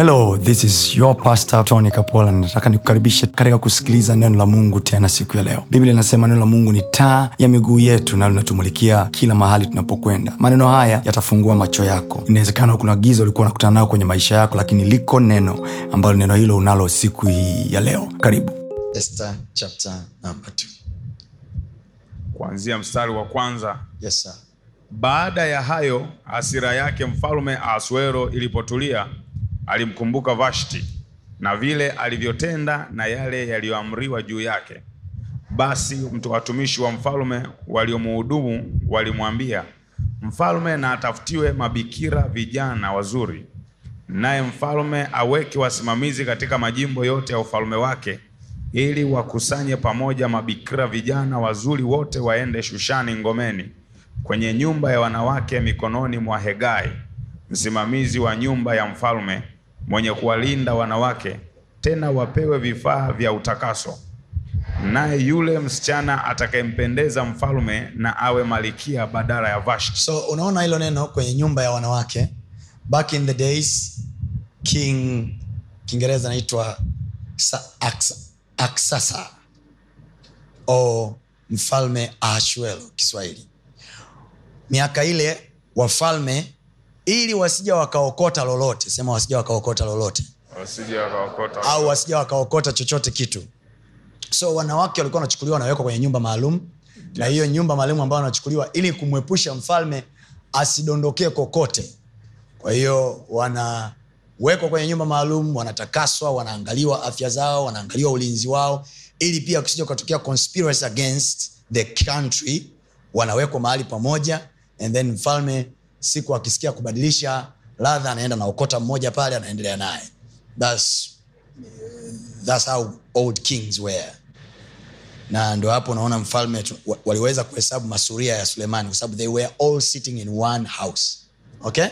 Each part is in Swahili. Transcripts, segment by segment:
hello this is your pastor tony kapola nataka nikukaribishe katika kusikiliza neno la mungu tena siku ya leo biblia inasema neno la mungu ni taa ya miguu yetu na linatumulikia kila mahali tunapokwenda maneno haya yatafungua macho yako inawezekana kuna giza ulikuwa unakutana nayo kwenye maisha yako lakini liko neno ambalo neno hilo unalo siku hii ya leo karibu Esther, chapter number two. kuanzia mstari wa kwanza yes, sir. baada ya hayo hasira yake mfalme asuero ilipotulia alimkumbuka Vashti na vile alivyotenda na yale yaliyoamriwa juu yake. Basi mtu watumishi wa mfalme waliomuhudumu walimwambia, mfalme na atafutiwe mabikira vijana wazuri, naye mfalme aweke wasimamizi katika majimbo yote ya ufalme wake, ili wakusanye pamoja mabikira vijana wazuri wote, waende Shushani ngomeni, kwenye nyumba ya wanawake mikononi mwa Hegai, msimamizi wa nyumba ya mfalme mwenye kuwalinda wanawake, tena wapewe vifaa vya utakaso, naye yule msichana atakayempendeza mfalme na awe malikia badala ya Vashti. So unaona hilo neno kwenye nyumba ya wanawake, back in the days king Kiingereza naitwa Aksasa o mfalme Ahasuero Kiswahili, miaka ile wafalme ili wasija wakaokota lolote sema wasija wakaokota lolote wasija wakaokota au wasija wakaokota chochote kitu so wanawake walikuwa wanachukuliwa wanawekwa kwenye nyumba maalum yes. na hiyo nyumba maalum ambayo wanachukuliwa ili kumwepusha mfalme asidondokee kokote kwa hiyo wanawekwa kwenye nyumba maalum wanatakaswa wanaangaliwa afya zao wanaangaliwa ulinzi wao ili pia kusija ukatokea conspiracy against the country wanawekwa mahali pamoja and then mfalme siku akisikia kubadilisha ladha anaenda na ukota mmoja pale anaendelea naye that's, that's how old kings were na ndo hapo unaona mfalme waliweza kuhesabu masuria ya sulemani kwa sababu they were all sitting in one house okay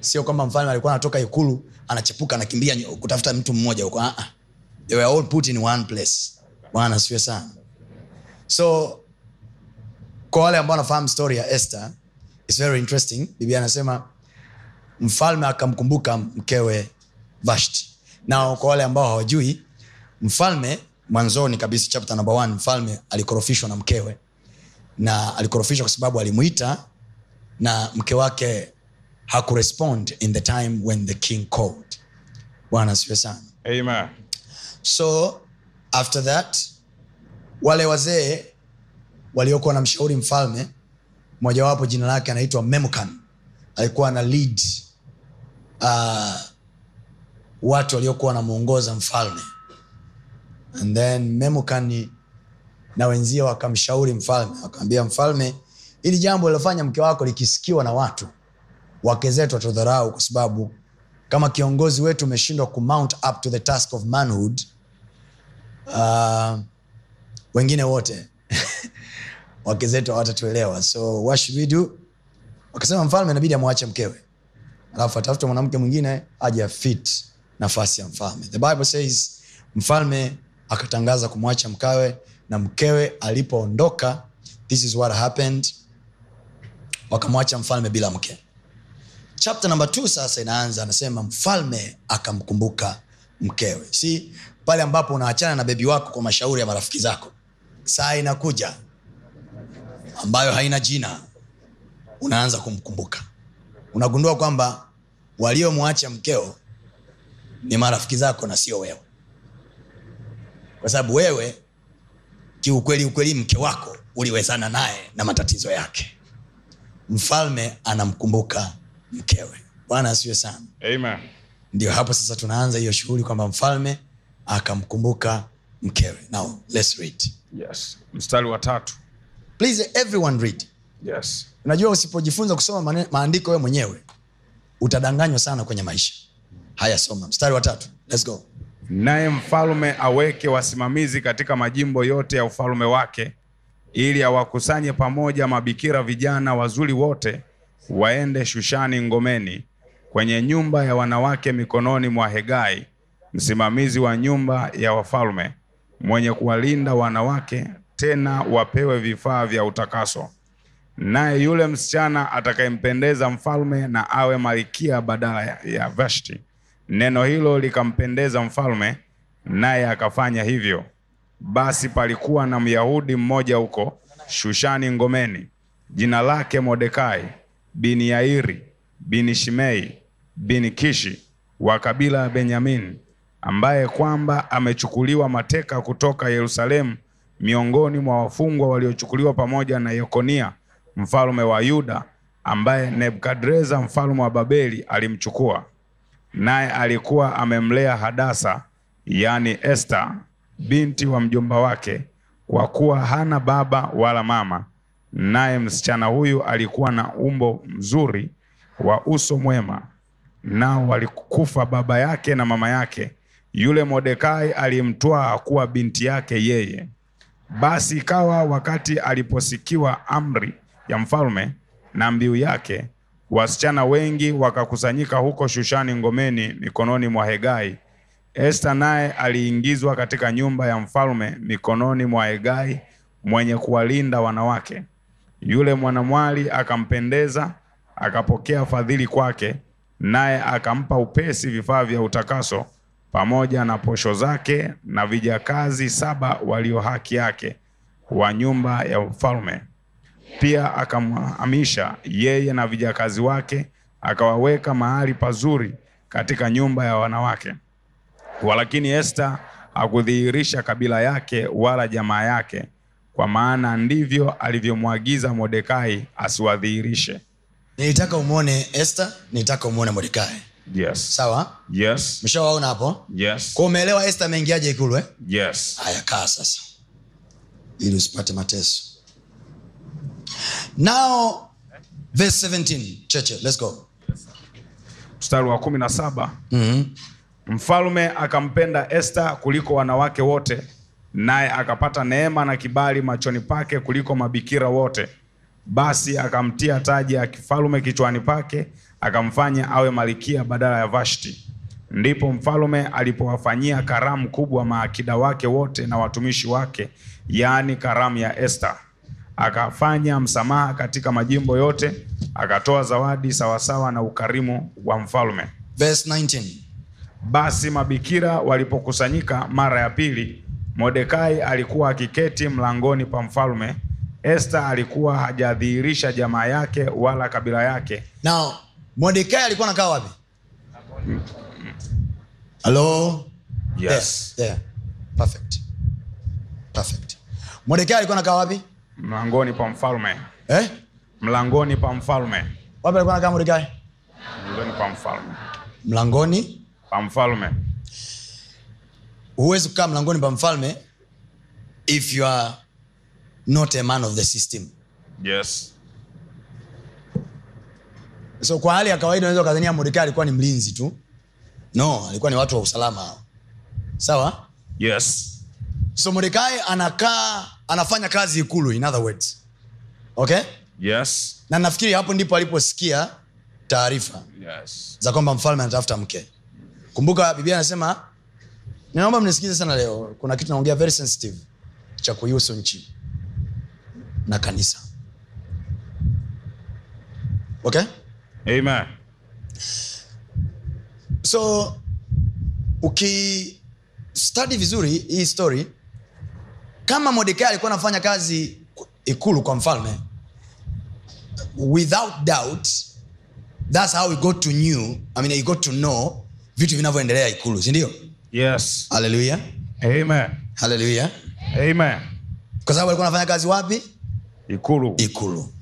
sio kwamba mfalme alikuwa anatoka ikulu anachepuka anakimbia kutafuta mtu mmoja huko uh-uh. they were all put in one place bwana sio sana so kwa wale ambao wanafahamu story ya esther It's very interesting anasema mfalme akamkumbuka mkewe vashti na kwa wale ambao hawajui mfalme mwanzoni kabisa chapter number mfalme alikorofishwa na mkewe na alikorofishwa kwa sababu alimwita na mke wake hakurespond in the time when the king called bwana siwe sana Amen. so after that wale wazee waliokuwa na mshauri mfalme mojawapo jina lake anaitwa memkan alikuwa ana lid uh, watu waliokuwa wanamuongoza mfalme and then memkan na wenzia wakamshauri mfalme wakaambia mfalme ili jambo lilofanya mke wako likisikiwa na watu wakezetu watodharau kwa sababu kama kiongozi wetu umeshindwa kumount up to the task of manhood uh, wengine wote wake zetu hawatatuelewa so what should we do wakasema mfalme inabidi amwache mkewe alafu atafute mwanamke mwingine aje afit nafasi ya mfalme the bible says mfalme akatangaza kumwacha mkawe na mkewe alipoondoka this is what happened wakamwacha mfalme bila mke chapta namba t sasa inaanza anasema mfalme akamkumbuka mkewe si pale ambapo unaachana na bebi wako kwa mashauri ya marafiki zako saa inakuja ambayo haina jina unaanza kumkumbuka unagundua kwamba waliomwacha mkeo ni marafiki zako na sio wewe kwa sababu wewe kiukweli ukweli mke wako uliwezana naye na matatizo yake mfalme anamkumbuka mkewe bwana asiwe sana ndio hapo sasa tunaanza hiyo shughuli kwamba mfalme akamkumbuka mkewe Now, let's read. Yes. mstari wa tatu please everyone read yes unajua usipojifunza kusoma maandiko wewe mwenyewe utadanganywa sana kwenye maisha haya soma mstari wa tatu Let's go naye mfalume aweke wasimamizi katika majimbo yote ya ufalume wake ili awakusanye pamoja mabikira vijana wazuri wote waende shushani ngomeni kwenye nyumba ya wanawake mikononi mwa hegai msimamizi wa nyumba ya wafalume mwenye kuwalinda wanawake tena wapewe vifaa vya utakaso, naye yule msichana atakayempendeza mfalme na awe malikia badala ya Vashti. Neno hilo likampendeza mfalme, naye akafanya hivyo. Basi palikuwa na Myahudi mmoja huko Shushani ngomeni, jina lake Mordekai bin Yairi bin Shimei bin Kishi wa kabila ya Benyamini, ambaye kwamba amechukuliwa mateka kutoka Yerusalemu miongoni mwa wafungwa waliochukuliwa pamoja na Yekonia mfalme wa Yuda ambaye Nebukadreza mfalme wa Babeli alimchukua, naye alikuwa amemlea Hadasa, yani Esta, binti wa mjomba wake, kwa kuwa hana baba wala mama. Naye msichana huyu alikuwa na umbo mzuri wa uso mwema, nao walikufa baba yake na mama yake. Yule Mordekai alimtwaa kuwa binti yake yeye. Basi ikawa wakati aliposikiwa amri ya mfalme na mbiu yake, wasichana wengi wakakusanyika huko Shushani ngomeni mikononi mwa Hegai. Esta naye aliingizwa katika nyumba ya mfalme mikononi mwa Hegai mwenye kuwalinda wanawake. Yule mwanamwali akampendeza, akapokea fadhili kwake, naye akampa upesi vifaa vya utakaso pamoja na posho zake na vijakazi saba walio haki yake wa nyumba ya ufalme. Pia akamhamisha yeye na vijakazi wake, akawaweka mahali pazuri katika nyumba ya wanawake. Walakini Esta hakudhihirisha kabila yake wala jamaa yake, kwa maana ndivyo alivyomwagiza Mordekai asiwadhihirishe. Nilitaka umwone Esta, nilitaka umwone Mordekai yes. sawa yes. mshawaona hapo yes. umeelewa este ameingiaje ikulu eh? yes. kaa sasa ili usipate mateso mstari wa kumi na saba mm-hmm. akampenda este kuliko wanawake wote naye akapata neema na kibali machoni pake kuliko mabikira wote basi akamtia taji ya kifalume kichwani pake akamfanya awe malikia badala ya Vashti. Ndipo mfalme alipowafanyia karamu kubwa maakida wake wote na watumishi wake, yaani karamu ya Esta. Akafanya msamaha katika majimbo yote, akatoa zawadi sawasawa na ukarimu wa mfalme. Verse 19. Basi mabikira walipokusanyika mara ya pili, Mordekai alikuwa akiketi mlangoni pa mfalme. Esta alikuwa hajadhihirisha jamaa yake wala kabila yake. Now Mordekai alikuwa nakaa wapi? Hello? Yes. Yes. Yeah. Mordekai alikuwa nakaa wapi? Mlangoni pa mfalme. Eh? Mlangoni pa mfalme. Wapi alikuwa nakaa Mordekai? Mlangoni pa mfalme. Mlangoni pa mfalme. Huwezi kukaa mlangoni pa mfalme if you are not a man of the system. Yes so kwa hali ya kawaida unaweza ukadhania mordekai alikuwa ni mlinzi tu no alikuwa ni watu wa usalama hao sawa yes so mordekai anakaa anafanya kazi ikulu in other words okay yes na nafikiri hapo ndipo aliposikia taarifa yes. za kwamba mfalme anatafuta mke kumbuka biblia anasema ninaomba mnisikize sana leo kuna kitu naongea very sensitive cha kuihusu nchi na kanisa okay Amen. So uki study vizuri hii story, kama Mordekai alikuwa anafanya kazi ikulu kwa mfalme, without doubt that's how he got to knew, I mean, he got to know vitu vinavyoendelea ikulu, si ndio? Yes. Hallelujah. Amen. Hallelujah. Amen. Kwa sababu alikuwa anafanya kazi wapi? Ikulu. Ikulu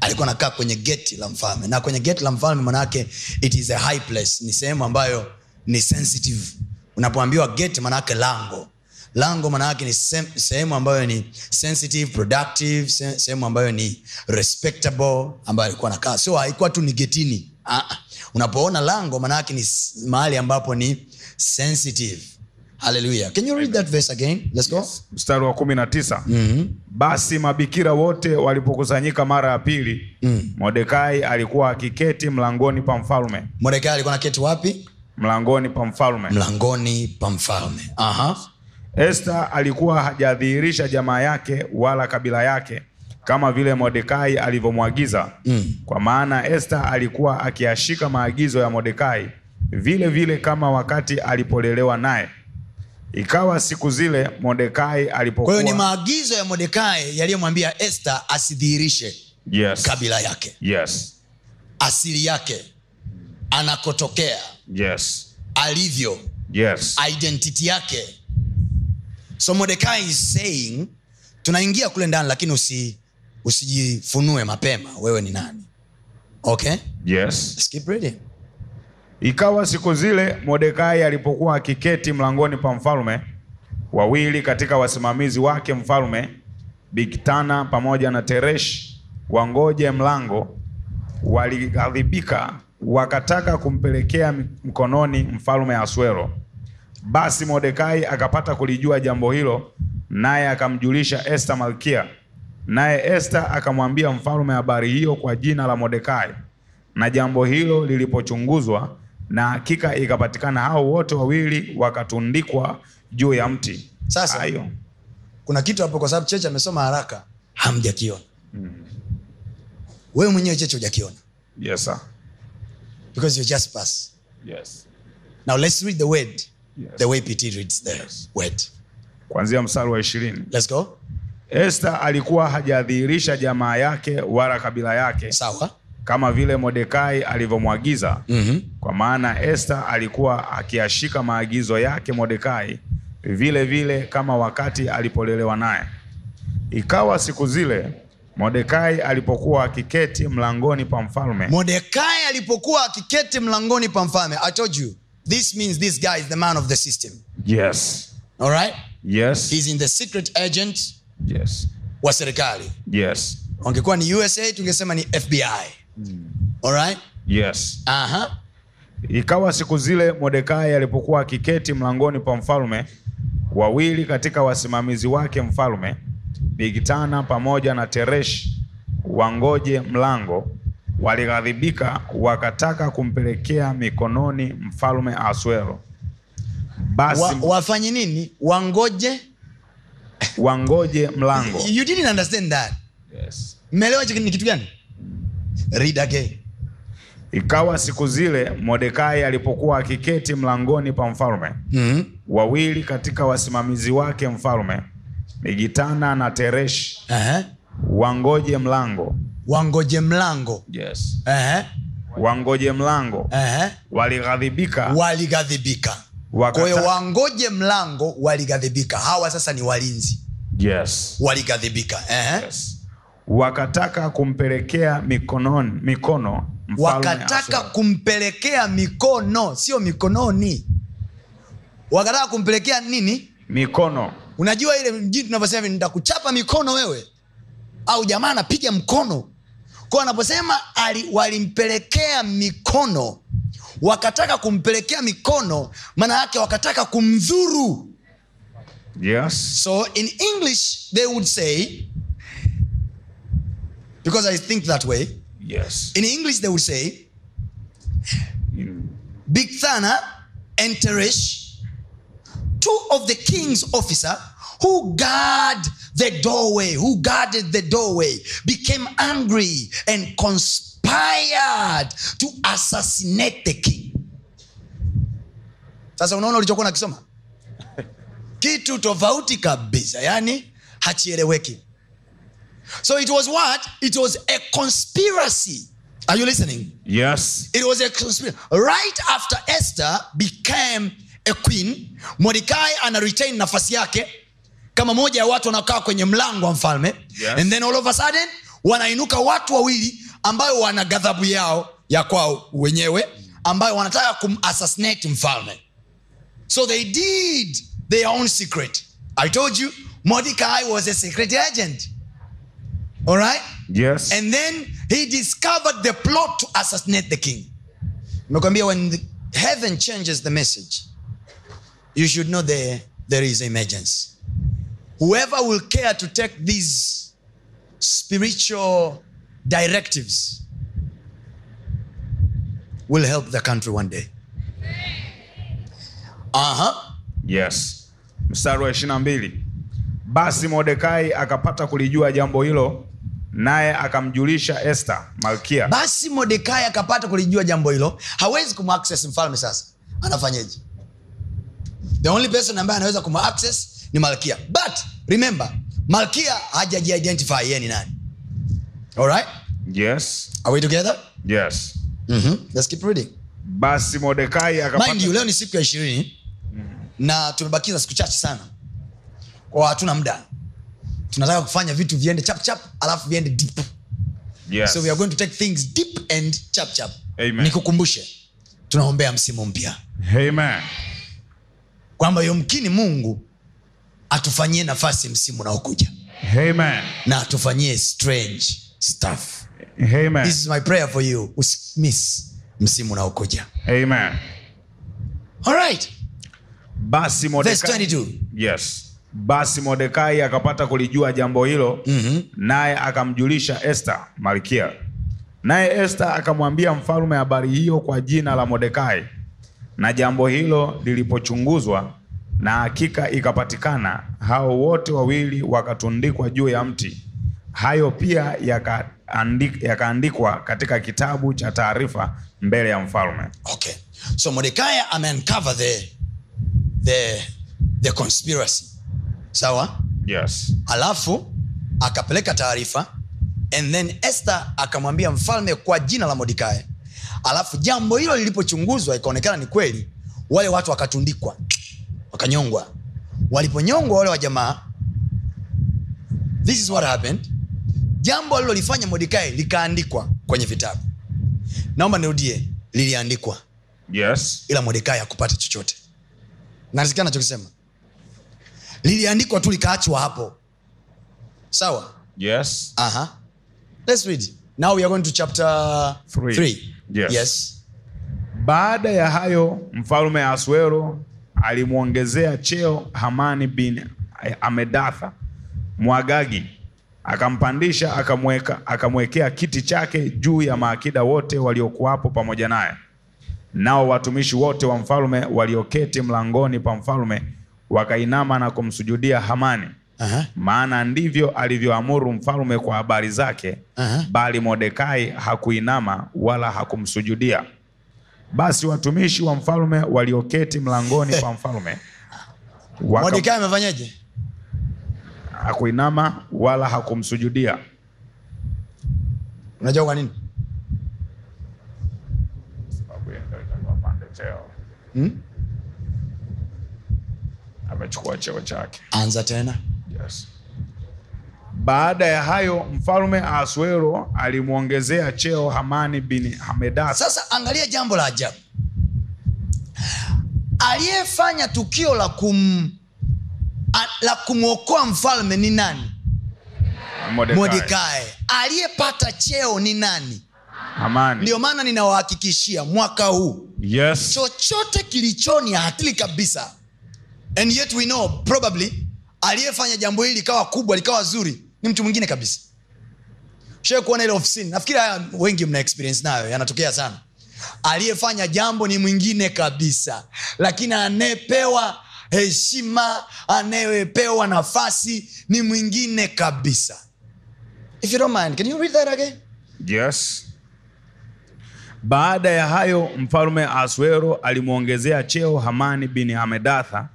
alikuwa anakaa kwenye geti la mfalme na kwenye geti la mfalme manaake it is a high place ni sehemu ambayo ni sensitive unapoambiwa geti manaake lango lango manaake ni sehemu ambayo ni sensitive productive sehemu ambayo ni respectable ambayo alikuwa nakaa so haikuwa tu ni getini uh-uh. unapoona lango manaake ni mahali ambapo ni sensitive mstari wa kumi na tisa mm-hmm. basi mabikira wote walipokusanyika mara ya pili mm. modekai alikuwa akiketi mlangoni pa mfalme modekai alikuwa naketi wapi mlangoni pa mfalme mlangoni pa mfalme Aha. esta alikuwa hajadhihirisha jamaa yake wala kabila yake kama vile modekai alivyomwagiza mm. kwa maana esta alikuwa akiashika maagizo ya modekai vile vile kama wakati alipolelewa naye Ikawa siku zile modekai alipokuwa. Kwa hiyo ni maagizo ya modekai yaliyomwambia Esther asidhihirishe yes. kabila yake yes. asili yake anakotokea yes. alivyo yes. identity yake so modekai is saying tunaingia kule ndani lakini usi usijifunue mapema wewe ni nani okay yes. Let's keep Ikawa siku zile Mordekai alipokuwa akiketi mlangoni pa mfalme, wawili katika wasimamizi wake mfalme, Bigtana pamoja na Teresh, wangoje mlango, waligadhibika, wakataka kumpelekea mkononi mfalme Aswero. Basi Mordekai akapata kulijua jambo hilo, naye akamjulisha Esta malkia, naye Esta akamwambia mfalme habari hiyo kwa jina la Mordekai. Na jambo hilo lilipochunguzwa na hakika ikapatikana hao wote wawili wakatundikwa juu ya mti. Sasa hayo kuna kitu hapo, kwa sababu cheche amesoma haraka, hamjakiona mm. Wewe mwenyewe cheche hujakiona. Yes sir, because you just pass. Yes, now let's read the word yes. the way PT reads the yes. word, kuanzia mstari wa 20. Let's go. Esther alikuwa hajadhihirisha jamaa yake wala kabila yake. Sawa kama vile Modekai alivyomwagiza. mm -hmm. Kwa maana Esta alikuwa akiashika maagizo yake Modekai vile vile kama wakati alipolelewa naye. Ikawa siku zile Modekai alipokuwa akiketi mlangoni pa mfalme. Modekai alipokuwa akiketi mlangoni pa mfalme. I told you this means this guy is the man of the system. Yes. All right? Yes. He's in the secret agent. Yes. Wa serikali. Yes. Wangekuwa ni USA tungesema ni FBI. Mm. All right? Yes. Aha. Uh-huh. Ikawa siku zile Mordekai alipokuwa akiketi mlangoni pa mfalme, wawili katika wasimamizi wake mfalme, Bigitana pamoja na Tereshi wangoje mlango, walighadhibika, wakataka kumpelekea mikononi mfalme aswero Basi wa, wafanye nini? Wangoje, wangoje mlango. You didn't understand that. Yes. Melewa ni kitu gani? Read again. Ikawa siku zile Mordekai alipokuwa akiketi mlangoni pa mfalme mm -hmm. wawili katika wasimamizi wake mfalme nigitana na Tereshi uh -huh. wangoje mlango wangoje mlango yes. uh -huh. wangoje mlango uh -huh. walighadhibika waligadhibika kwa hiyo wangoje mlango waligadhibika Hawa sasa ni walinzi yes. waligadhibika uh -huh. yes wakataka kumpelekea mikononi, mikono wakataka kumpelekea mikono, sio mikononi, wakataka kumpelekea nini? Mikono. Unajua ile mjini tunavyosema hivi, nitakuchapa mikono wewe, au jamaa anapiga mkono kwa Anaposema walimpelekea mikono, wakataka kumpelekea mikono, maana yake wakataka kumdhuru. Yes. So in English they would say because I think that way. Yes. In English, they would say, Big Thana and Teresh, two of the king's officer who guard the doorway, who guarded the doorway, became angry and conspired to assassinate the king. Sasa unaona ulichokuwa nakisoma kitu tofauti kabisa, yani hachieleweki So it was what? It was a conspiracy. Are you listening? Yes. It was a conspiracy. Right after Esther became a queen, Mordecai and retain nafasi yake kama moja ya watu wanakaa kwenye mlango wa mfalme yes. and then all of a sudden wanainuka watu wawili ambayo wana ghadhabu yao ya kwao wenyewe ambayo wanataka kumassassinate mfalme so they did their own secret i told you mordecai was a secret agent all right yes and then he discovered the plot to assassinate the king nimekwambia when heaven changes the message you should know there, there is emergency whoever will care to take these spiritual directives will help the country one day uh-huh. yes mstari wa ishirina basi mordekai akapata kulijua jambo hilo naye akamjulisha este malkia. Basi modekai akapata kulijua jambo hilo, hawezi kumaccess mfalme. Sasa anafanyeje? The only person ambaye anaweza kumaaccess ni malkia, but remember malkia hajajiidentify yeye ni nani. Alright? Yes. Are we together? Yes. Mm-hmm. Let's keep reading. Basi modekai akapata... Mind you, leo ni siku ya ishirini mm-hmm. na tumebakiza siku chache sana, kwa hatuna muda tunataka kufanya vitu viende chapchap alafu viende deep yes. so we are going to take things deep and chapchap nikukumbushe tunaombea msimu mpya kwamba yomkini mungu atufanyie nafasi msimu unaokuja na atufanyie strange stuff Amen. this is my prayer for you usimiss msimu unaokuja basi Modeka, yes basi Mordekai akapata kulijua jambo hilo mm -hmm. naye akamjulisha Esta malkia, naye esther akamwambia mfalme habari hiyo kwa jina la Mordekai. Na jambo hilo lilipochunguzwa na hakika ikapatikana, hao wote wawili wakatundikwa juu ya mti. Hayo pia yakaandikwa yaka katika kitabu cha taarifa mbele ya mfalme. Okay. So Mordekai ameuncover the, the, the conspiracy sawa yes. alafu akapeleka taarifa and then este akamwambia mfalme kwa jina la modikae alafu jambo hilo lilipochunguzwa ikaonekana ni kweli wale watu wakatundikwa wakanyongwa waliponyongwa wale wajamaa this is what happened jambo alilolifanya modikae likaandikwa kwenye vitabu naomba nirudie liliandikwa yes ila modikae akupata chochote nasikia nachokisema liliandikwa tu likaachwa hapo sawa yes uh-huh. let's read now we are going to chapter yes. yes baada ya hayo mfalume aswero alimwongezea cheo hamani bin amedatha mwagagi akampandisha akamweka akamwekea kiti chake juu ya maakida wote waliokuwapo pamoja naye nao watumishi wote wa mfalume walioketi mlangoni pa mfalume wakainama na kumsujudia Hamani. Aha. Maana ndivyo alivyoamuru mfalme kwa habari zake. Aha. Bali Mordekai hakuinama wala hakumsujudia. Basi watumishi wa mfalme walioketi mlangoni kwa mfalme waka... Mordekai amefanyaje? Hakuinama wala hakumsujudia. Unajua kwa nini? Hmm? amechukua cheo chake. Anza tena. Yes. Baada ya hayo mfalme aswero alimwongezea cheo Hamani bin Hamedata. Sasa angalia jambo la ajabu, aliyefanya tukio la kum la kumwokoa mfalme ni nani? Mordekai. Aliyepata cheo ni nani? Hamani. Ndio maana ninawahakikishia mwaka huu, yes, chochote kilichoni hatili kabisa and yet we know probably aliyefanya jambo hili likawa kubwa likawa zuri ni mtu mwingine kabisa shee kuona ile ofisini nafikiri haya wengi mna experience nayo yanatokea sana aliyefanya jambo ni mwingine kabisa lakini anayepewa heshima anayepewa nafasi ni mwingine kabisa if you don't mind can you read that again yes baada ya hayo mfalume asuero alimwongezea cheo hamani bin hamedatha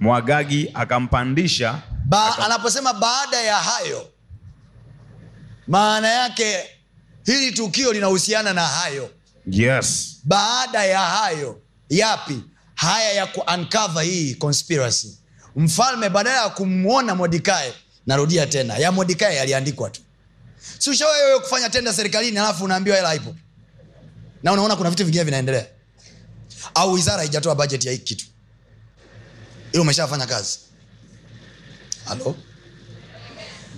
Mwagagi akampandisha ba, aka... anaposema baada ya hayo, maana yake hili tukio linahusiana na hayo. Yes, baada ya hayo yapi? Haya ya kuankava hii conspiracy. Mfalme badala ya kumwona modikae narudia tena, ya modikae yaliandikwa tu. Si kufanya tenda serikalini alafu unaambiwa hela ipo na unaona kuna vitu vingine vinaendelea, au wizara haijatoa bajeti ya hiki kitu ili umeshafanya kazi halo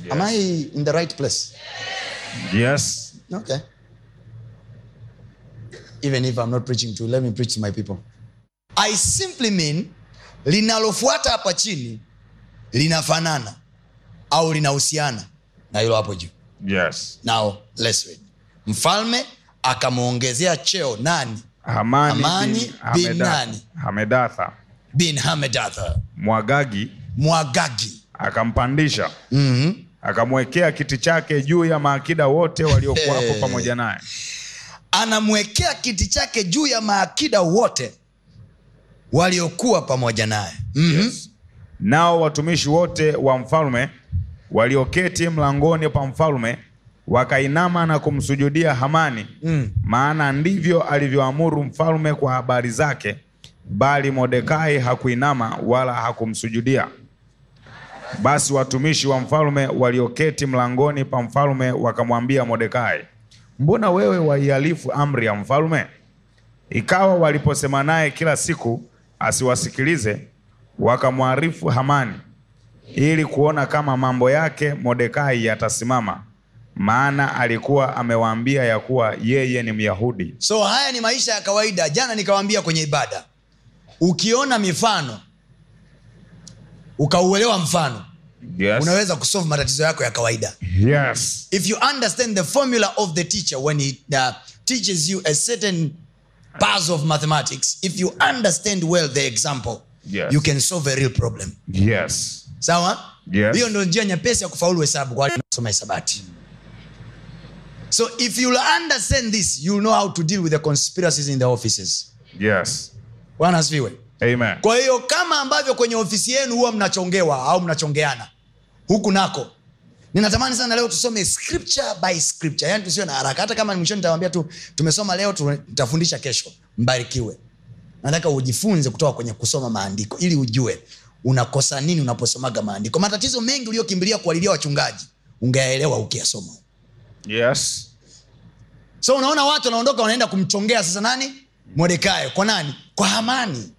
yes. am i in the right place yes okay even if i'm not preaching to let me preach to my people i simply mean linalofuata hapa chini linafanana au linahusiana na hilo hapo juu yes. now let's read mfalme akamwongezea cheo nani hamani, hamani bin, bin, bin nani hamedatha bin hamedatha mwagagi mwagagi akampandisha mm-hmm. akamwekea kiti chake juu ya maakida wote waliokuwapo pamoja naye anamwekea kiti chake juu ya maakida wote waliokuwa pamoja naye mm-hmm. yes. nao watumishi wote wa mfalme walioketi mlangoni pa mfalme wakainama na kumsujudia hamani mm. maana ndivyo alivyoamuru mfalme kwa habari zake bali Mordekai hakuinama wala hakumsujudia. Basi watumishi wa mfalme walioketi mlangoni pa mfalme wakamwambia Mordekai, mbona wewe waihalifu amri ya mfalme? Ikawa waliposema naye kila siku asiwasikilize, wakamwarifu Hamani ili kuona kama mambo yake Mordekai yatasimama, maana alikuwa amewaambia ya kuwa yeye ni Myahudi. So haya ni maisha ya kawaida. Jana nikawaambia kwenye ibada ukiona mifano ukauelewa mfano yes. unaweza kusolve matatizo yako ya kawaida yes. if you understand the formula of the teacher when he uh, teaches you a certain pas of mathematics if you understand well the example yes. you can solve a real problem yes. sawa yes. hiyo ndo njia nyepesi ya kufaulu hesabu kwa hesabati so if you'll understand this youll know how to deal with the conspiracies in the offices yes bwana asifiwe kwa hiyo kama ambavyo kwenye ofisi yenu huwa mnachongewa au mnachongeana huku nako ninatamani sana leo tusome scripture by scripture yani tusio na haraka hata kama mwishoni nitawambia tu tumesoma leo tutafundisha kesho mbarikiwe nataka ujifunze kutoka kwenye kusoma maandiko ili ujue unakosa nini unaposomaga maandiko matatizo mengi uliyokimbilia kualilia wachungaji ungeaelewa ukiyasoma yes so unaona watu wanaondoka wanaenda kumchongea sasa nani mordekai kwa nani kwa hamani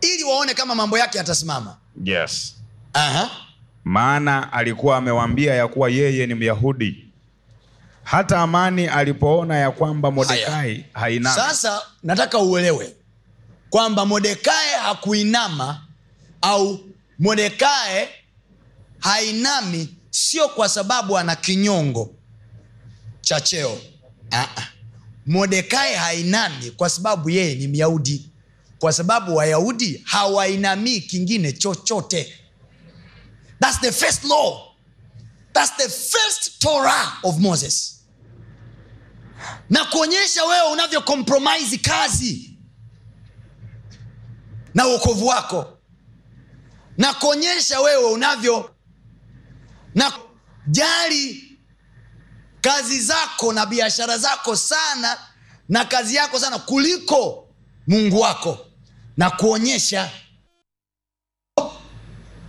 ili waone kama mambo yake yatasimama yes maana alikuwa amewambia ya kuwa yeye ni myahudi hata amani alipoona ya kwamba modekai hainama sasa nataka uelewe kwamba modekai hakuinama au modekai hainami sio kwa sababu ana kinyongo cha cheo uh-uh modekai hainami kwa sababu yeye ni myahudi kwa sababu wayahudi hawainamii kingine chochote thats the first law thats the first torah of moses na kuonyesha wewe unavyokompromisi kazi na uokovu wako na kuonyesha wewe unavyo na jari kazi zako na biashara zako sana na kazi yako sana kuliko mungu wako na kuonyesha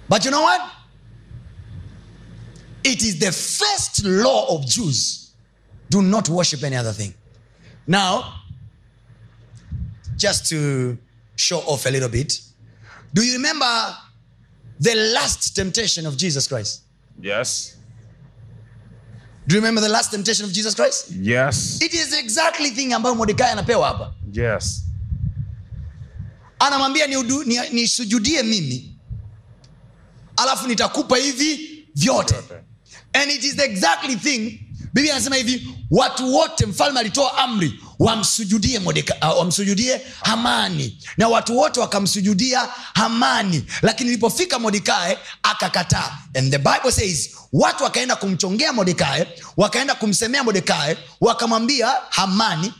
but you know what it is the first law of jews do not worship any other thing now just to show off a little bit do you remember the last temptation of jesus christ yes do you remember the last temptation of jesus christ yes it is exactly thing ambayo mordekai anapewa hapa yes anamwambia nisujudie ni, ni mimi alafu nitakupa hivi vyote and it is exactly thing biblia anasema hivi watu wote mfalme alitoa amri wamsujudie uh, wamsujudie hamani na watu wote wakamsujudia hamani lakini ilipofika modekae akakataa and the bible says watu wakaenda kumchongea modekae wakaenda kumsemea modekae wakamwambia hamani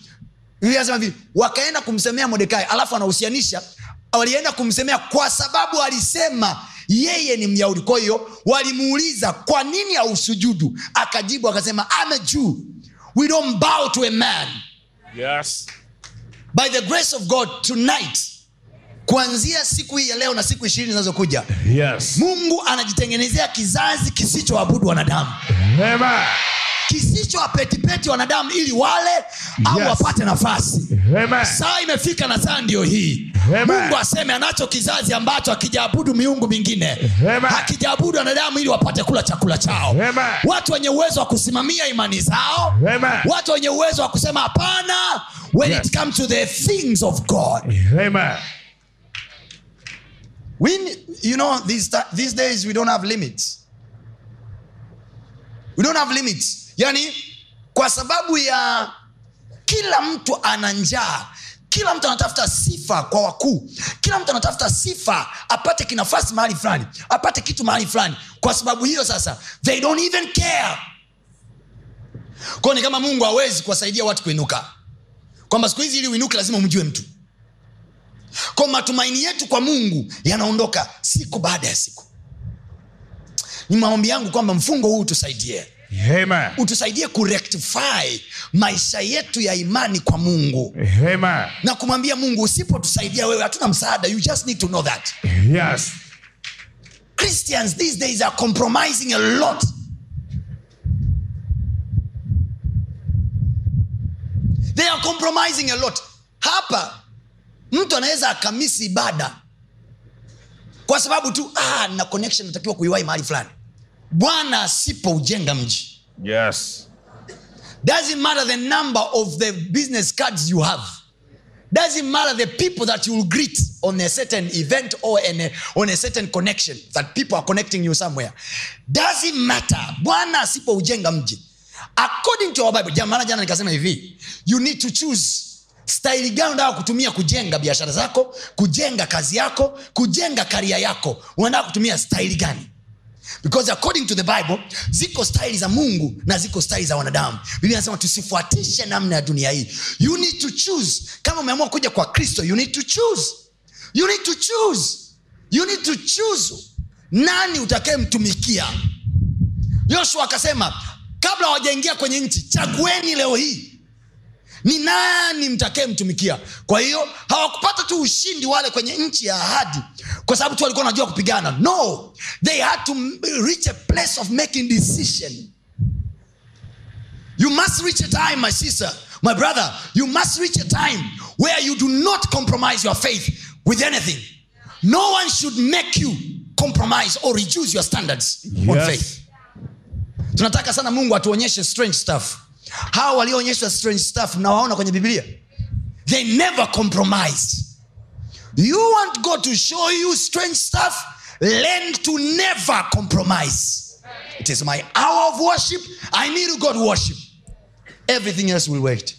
hivi wakaenda kumsemea modikae alafu anahusianisha walienda kumsemea kwa sababu alisema yeye ni myahudi kwa hiyo walimuuliza kwa nini ausujudu akajibu akasema amejuu we don't bow to a man yes. by the grace of god tonight kuanzia siku hii ya leo na siku ishirini zinazokuja yes. mungu anajitengenezea kizazi kisichoabudu wanadamu Amen kisicho apetipeti wanadamu ili wale yes. au wapate nafasi saa imefika na saa ndio hii Amen. mungu aseme anacho kizazi ambacho akijaabudu miungu mingine akijaabudu wanadamu ili wapate kula chakula chao Amen. watu wenye uwezo wa kusimamia imani zao Amen. watu wenye uwezo wa kusema hapana when yes. it to the things of god Amen. you know, these, these days we don't have limits. We don't have limits yani kwa sababu ya kila mtu ana njaa kila mtu anatafuta sifa kwa wakuu kila mtu anatafuta sifa apate kinafasi mahali fulani apate kitu mahali fulani kwa sababu hiyo sasa they don't even care kwao ni kama mungu hawezi kuwasaidia watu kuinuka kwamba siku hizi ili uinuke lazima umjue mtu kwa matumaini yetu kwa mungu yanaondoka siku baada ya siku ni maombi yangu kwamba mfungo huu tusaidie Amen. utusaidie kurektify maisha yetu ya imani kwa mungu Amen. na kumwambia mungu usipotusaidia wewe hatuna msaada you just need to know that yes. christians these days are compromising a lot they are compromising a lot hapa mtu anaweza akamisi ibada kwa sababu tu ah, na connection natakiwa kuiwai mahali fulani bwana asipoujenga mji yes. doesn't matter the number of the business cards you have doesn't matter the people that you will greet on a certain event or a, on a certain connection that people are connecting you somewhere doesn't matter bwana asipoujenga mji according to our bible jamana jana nikasema hivi you need to choose staili gani unataka kutumia kujenga biashara zako kujenga kazi yako kujenga karia yako unataka kutumia staili gani because according to the bible ziko staili za mungu na ziko staili za wanadamu biblia anasema tusifuatishe namna ya dunia hii you need to choose kama umeamua kuja kwa kristo you need to choose you need to choose you need to choose nani utakayemtumikia yoshua akasema kabla hawajaingia kwenye nchi chagueni leo hii ni nani mtakayemtumikia kwa hiyo hawakupata tu ushindi wale kwenye nchi ya ahadi kwa sababu tu walikuwa wanajua kupigana no they had to reach a place of making decision you must reach a time my sister my brother you must reach a time where you do not compromise your faith with anything no one should make you compromise or reduce your standards yes. on faith tunataka sana mungu atuonyeshe strange stuff hawa walioonyeshwa strange stuff mnawaona kwenye biblia they never compromise you want god to show you strange stuff learn to never compromise it is my hour of worship i need god worship everything else will wait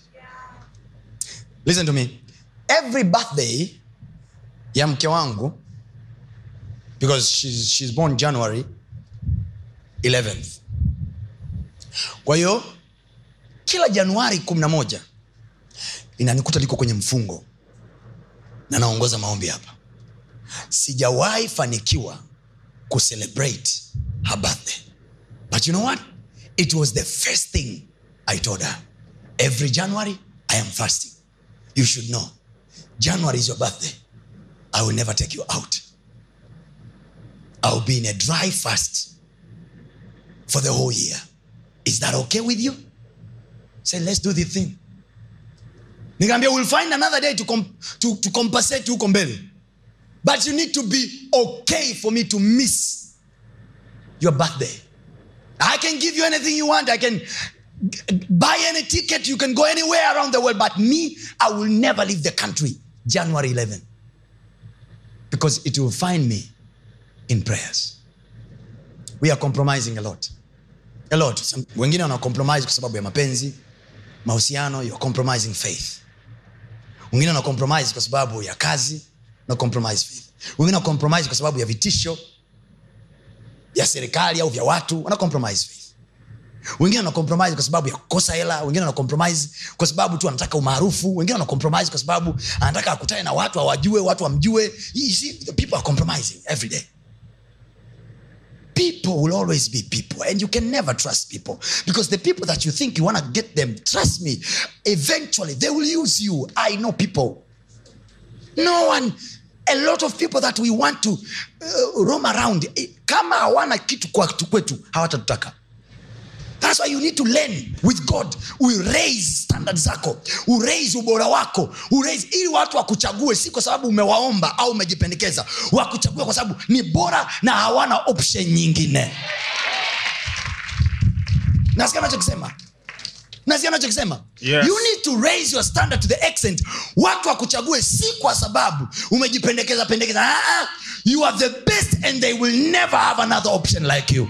listen to me every birthday ya mke wangu because she's, she's born january 11th kwa hiyo kila januari kumi na moja inanikuta niko kwenye mfungo na naongoza maombi hapa sijawahi fanikiwa kucelebrate her birthday but you know what it was the first thing i told her every january i am fasting you should know january is your birthday i will never take you out i be in a dry fast for the whole year is that okay with you say let's do the thing nikaambia will find another day to, com- to, to compensate huko mbele but you need to be okay for me to miss your birthday i can give you anything you want i can buy any ticket you can go anywhere around the world but me i will never leave the country january 11 because it will find me in prayers we are compromising a lot a lot wengine wanacompromise kwa sababu ya mapenzi mahusiano you're compromising faith wengine una compromise kwa sababu ya kazi na compromise faith wengine una compromise kwa sababu ya vitisho vya serikali au vya watu wana compromise faith wengine wana compromise kwa sababu ya kukosa hela wengine na compromise kwa sababu tu anataka umaarufu wengine wana compromise kwa sababu anataka akutane na watu awajue watu wamjue the people are compromising every day people will always be people and you can never trust people because the people that you think you want to get them trust me eventually they will use you i know people no one a lot of people that we want to uh, roam around eh, kama hawana kitu kwetu hawatatutaka that's why you need to learn with god uraise standard zako uraise ubora wako uraise ili watu wakuchague si kwa sababu umewaomba au umejipendekeza wakuchague kwa sababu ni bora na hawana option nyingine nasikia nachokisema nasikia yes. you need to raise your standard to the extent watu wakuchague si kwa sababu umejipendekeza pendekeza ah, ah. you are the best and they will never have another option like you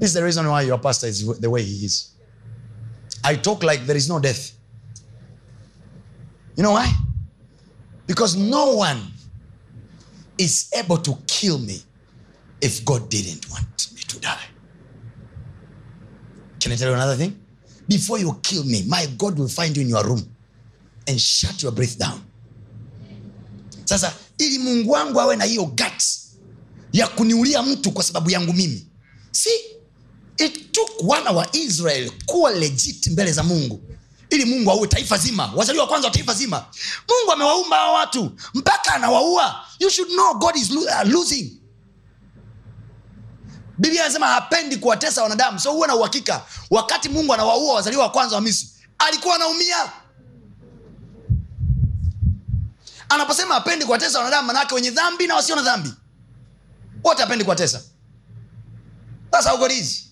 This is the reason why your pastor is the way he is. I talk like there is no death. You know why? Because no one is able to kill me if God didn't want me to die. Can I tell you another thing? Before you kill me, my God will find you in your room and shut your breath down. Sasa ili Mungu wangu awe na hiyo guts ya kuniulia mtu kwa sababu yangu mimi, See? it took wana wa israel kuwa legit mbele za mungu ili mungu aue taifa zima wazaliwa kwanza wa taifa zima mungu amewaumba hawa watu mpaka anawaua you should know god is lo- uh, losing biblia anasema hapendi kuwatesa wanadamu so huwe na uhakika wakati mungu anawaua wazaliwa wa kwanza wa misri alikuwa anaumia anaposema apendi kuwatesa wanadamu manake wenye dhambi na wasio na dhambi wote apendi kuwatesa sasa ugorizi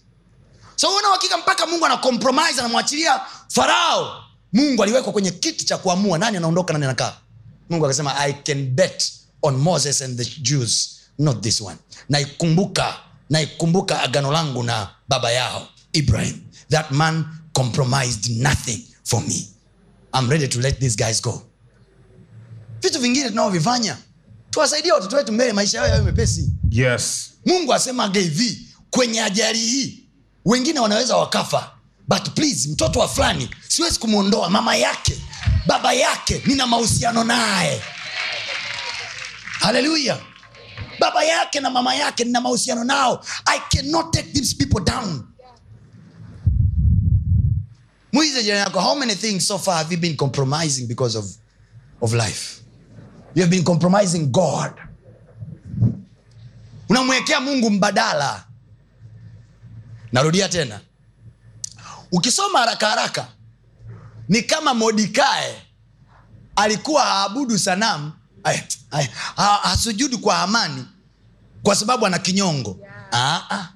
so una uhakika mpaka mungu anakompromise anamwachilia farao mungu aliwekwa kwenye kiti cha kuamua nani anaondoka nani anakaa mungu akasema i can bet on moses and the jews not this one naikumbuka naikumbuka agano langu na baba yao ibrahim that man compromised nothing for me I'm ready to let these guys go vitu vingine tunaovifanya tuwasaidia watoto wetu mbele maisha yao yawe mepesi yes mungu asema hivi kwenye ajali hii wengine wanaweza wakafa but please mtoto wa fulani siwezi kumwondoa mama yake baba yake nina mahusiano naye haleluya baba yake na mama yake nina mahusiano nao i cannot take these people down muize jirani yako how many things so far have you been compromising because of, of life you have been compromising god unamwekea mungu mbadala narudia tena ukisoma haraka haraka ni kama modikae alikuwa haabudu sanamu hasujudi kwa amani kwa sababu ana kinyongo yeah. Ah, ah.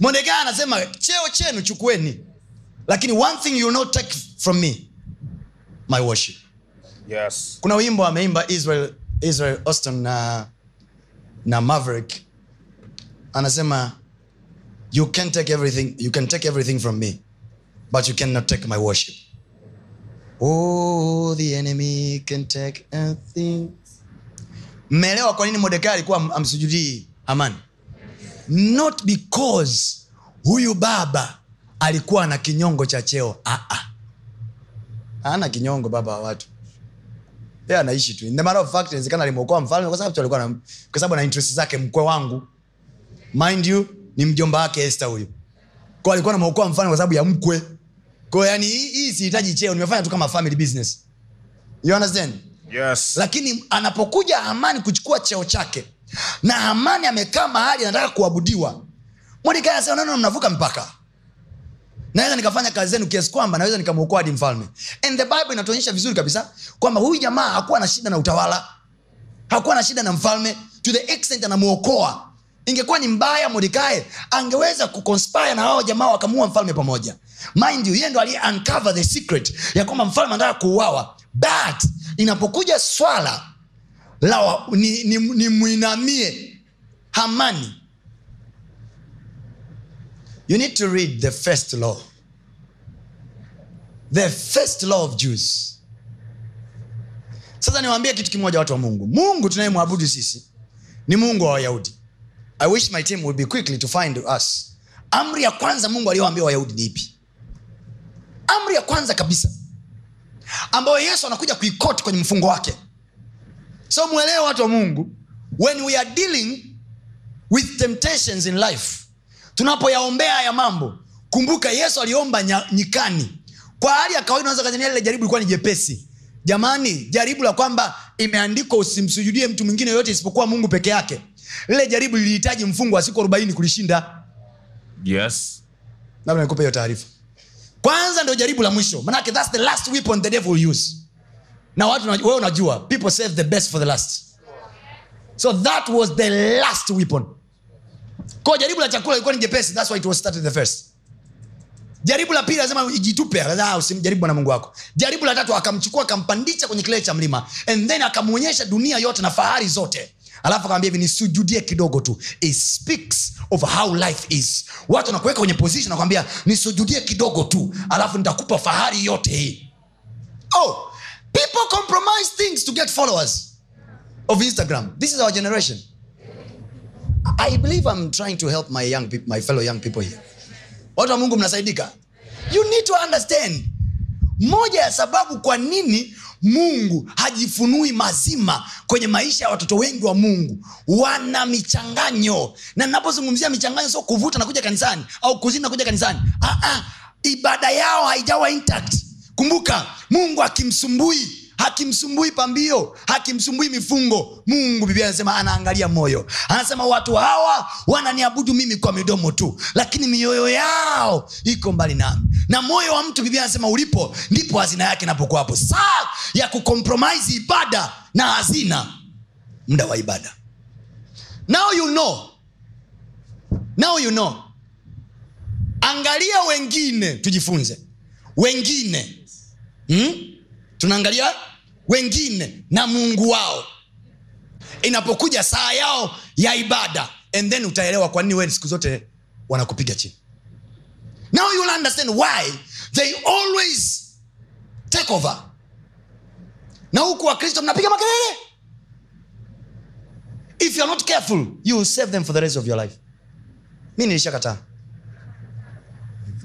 modekae anasema cheo chenu chukueni lakini one thing you not take from me my worship yes. kuna wimbo ameimba israel, israel austin na na maverick anasema you can take everything you can take everything from me but you cannot take my worship oh the enemy can take everything melewa kwa nini modekai alikuwa amsujudii amani not because huyu baba alikuwa na kinyongo cha cheo aa ana kinyongo baba wa watu ye anaishi tu inawezekana alimwokoa mfalme kwa sababu alikuwa na, kwa na interest zake mkwe wangu mind you ni mjomba wake este huyu. Kwa alikuwa anamuokoa mfano kwa sababu ya mkwe. Kwa yani hii sihitaji cheo, nimefanya tu kama family business. You understand? Yes. Lakini anapokuja amani kuchukua cheo chake na amani amekaa mahali anataka kuabudiwa, Mordekai mnavuka mpaka naweza nikafanya kazi zenu kiasi kwamba naweza nikamwokoa hadi mfalme. And the Bible inatuonyesha vizuri kabisa kwamba huyu jamaa hakuwa na shida na utawala, hakuwa na shida na mfalme, to the extent anamuokoa ingekuwa ni mbaya mordekai angeweza kuonspire na wao jamaa wakamua mfalme pamoja mind you ye ndo aliye uncover the secret ya kwamba mfalme anataka kuuawa but inapokuja swala la ni, ni, ni mwinamie hamani you need to read the first law the first law of jews sasa niwaambie kitu kimoja watu wa mungu mungu tunayemwabudu sisi ni mungu wa wayahudi i wish my team would be quickly to find us amri ya kwanza mungu aliyowambia wayahudi ni ipi amri ya kwanza kabisa ambayo yesu anakuja kuikoti kwenye mfungo wake so mwelewe watu wa mungu when we are dealing with temptations in life tunapoyaombea haya mambo kumbuka yesu aliomba nyikani kwa hali ya kawaida unaweza kaa lile jaribu likuwa ni jepesi jamani jaribu la kwamba imeandikwa usimsujudie mtu mwingine yoyote isipokuwa mungu peke yake lile jaribu lilihitaji mfungo wa siku arobaini kulishinda yes labda nikupe hiyo taarifa kwanza ndio jaribu la mwisho manake thats the last weapon the devil use na watu wewe unajua people save the best for the last so that was the last weapon ko jaribu la chakula ilikuwa ni jepesi thats why it was started the first jaribu la pili lazima ijitupe ah, usimjaribu na mungu wako jaribu la tatu akamchukua akampandisha kwenye kilele cha mlima and then akamwonyesha dunia yote na fahari zote alafu akawambia hivi nisujudie kidogo tu speaks of how life is watu wanakuweka kwenye position nakwambia nisujudie kidogo tu alafu nitakupa fahari yote hii oh people compromise things to get followers of instagram this is our generation i believe i'm trying to help my young my fellow young people here watu wa mungu mnasaidika you need to understand moja ya sababu kwa nini mungu hajifunui mazima kwenye maisha ya watoto wengi wa mungu wana michanganyo na napozungumzia michanganyo sio kuvuta na kuja kanisani au kuzini na kuja kanisani ah, ah, ibada yao haijawa intact kumbuka mungu akimsumbui hakimsumbui pambio hakimsumbui mifungo mungu biblia anasema anaangalia moyo anasema watu hawa wananiabudu mimi kwa midomo tu lakini mioyo yao iko mbali nami na moyo wa mtu biblia anasema ulipo ndipo hazina yake inapokuwapo saa ya kukompromise ibada na hazina muda wa ibada now you know now you know angalia wengine tujifunze wengine hmm? tunaangalia wengine na mungu wao inapokuja saa yao ya ibada and then utaelewa kwa nini siku zote wanakupiga chini now you'll understand why they always take over na huku wakristo mnapiga makelele if youare not careful you will save them for the rest of your life mi nilishakataa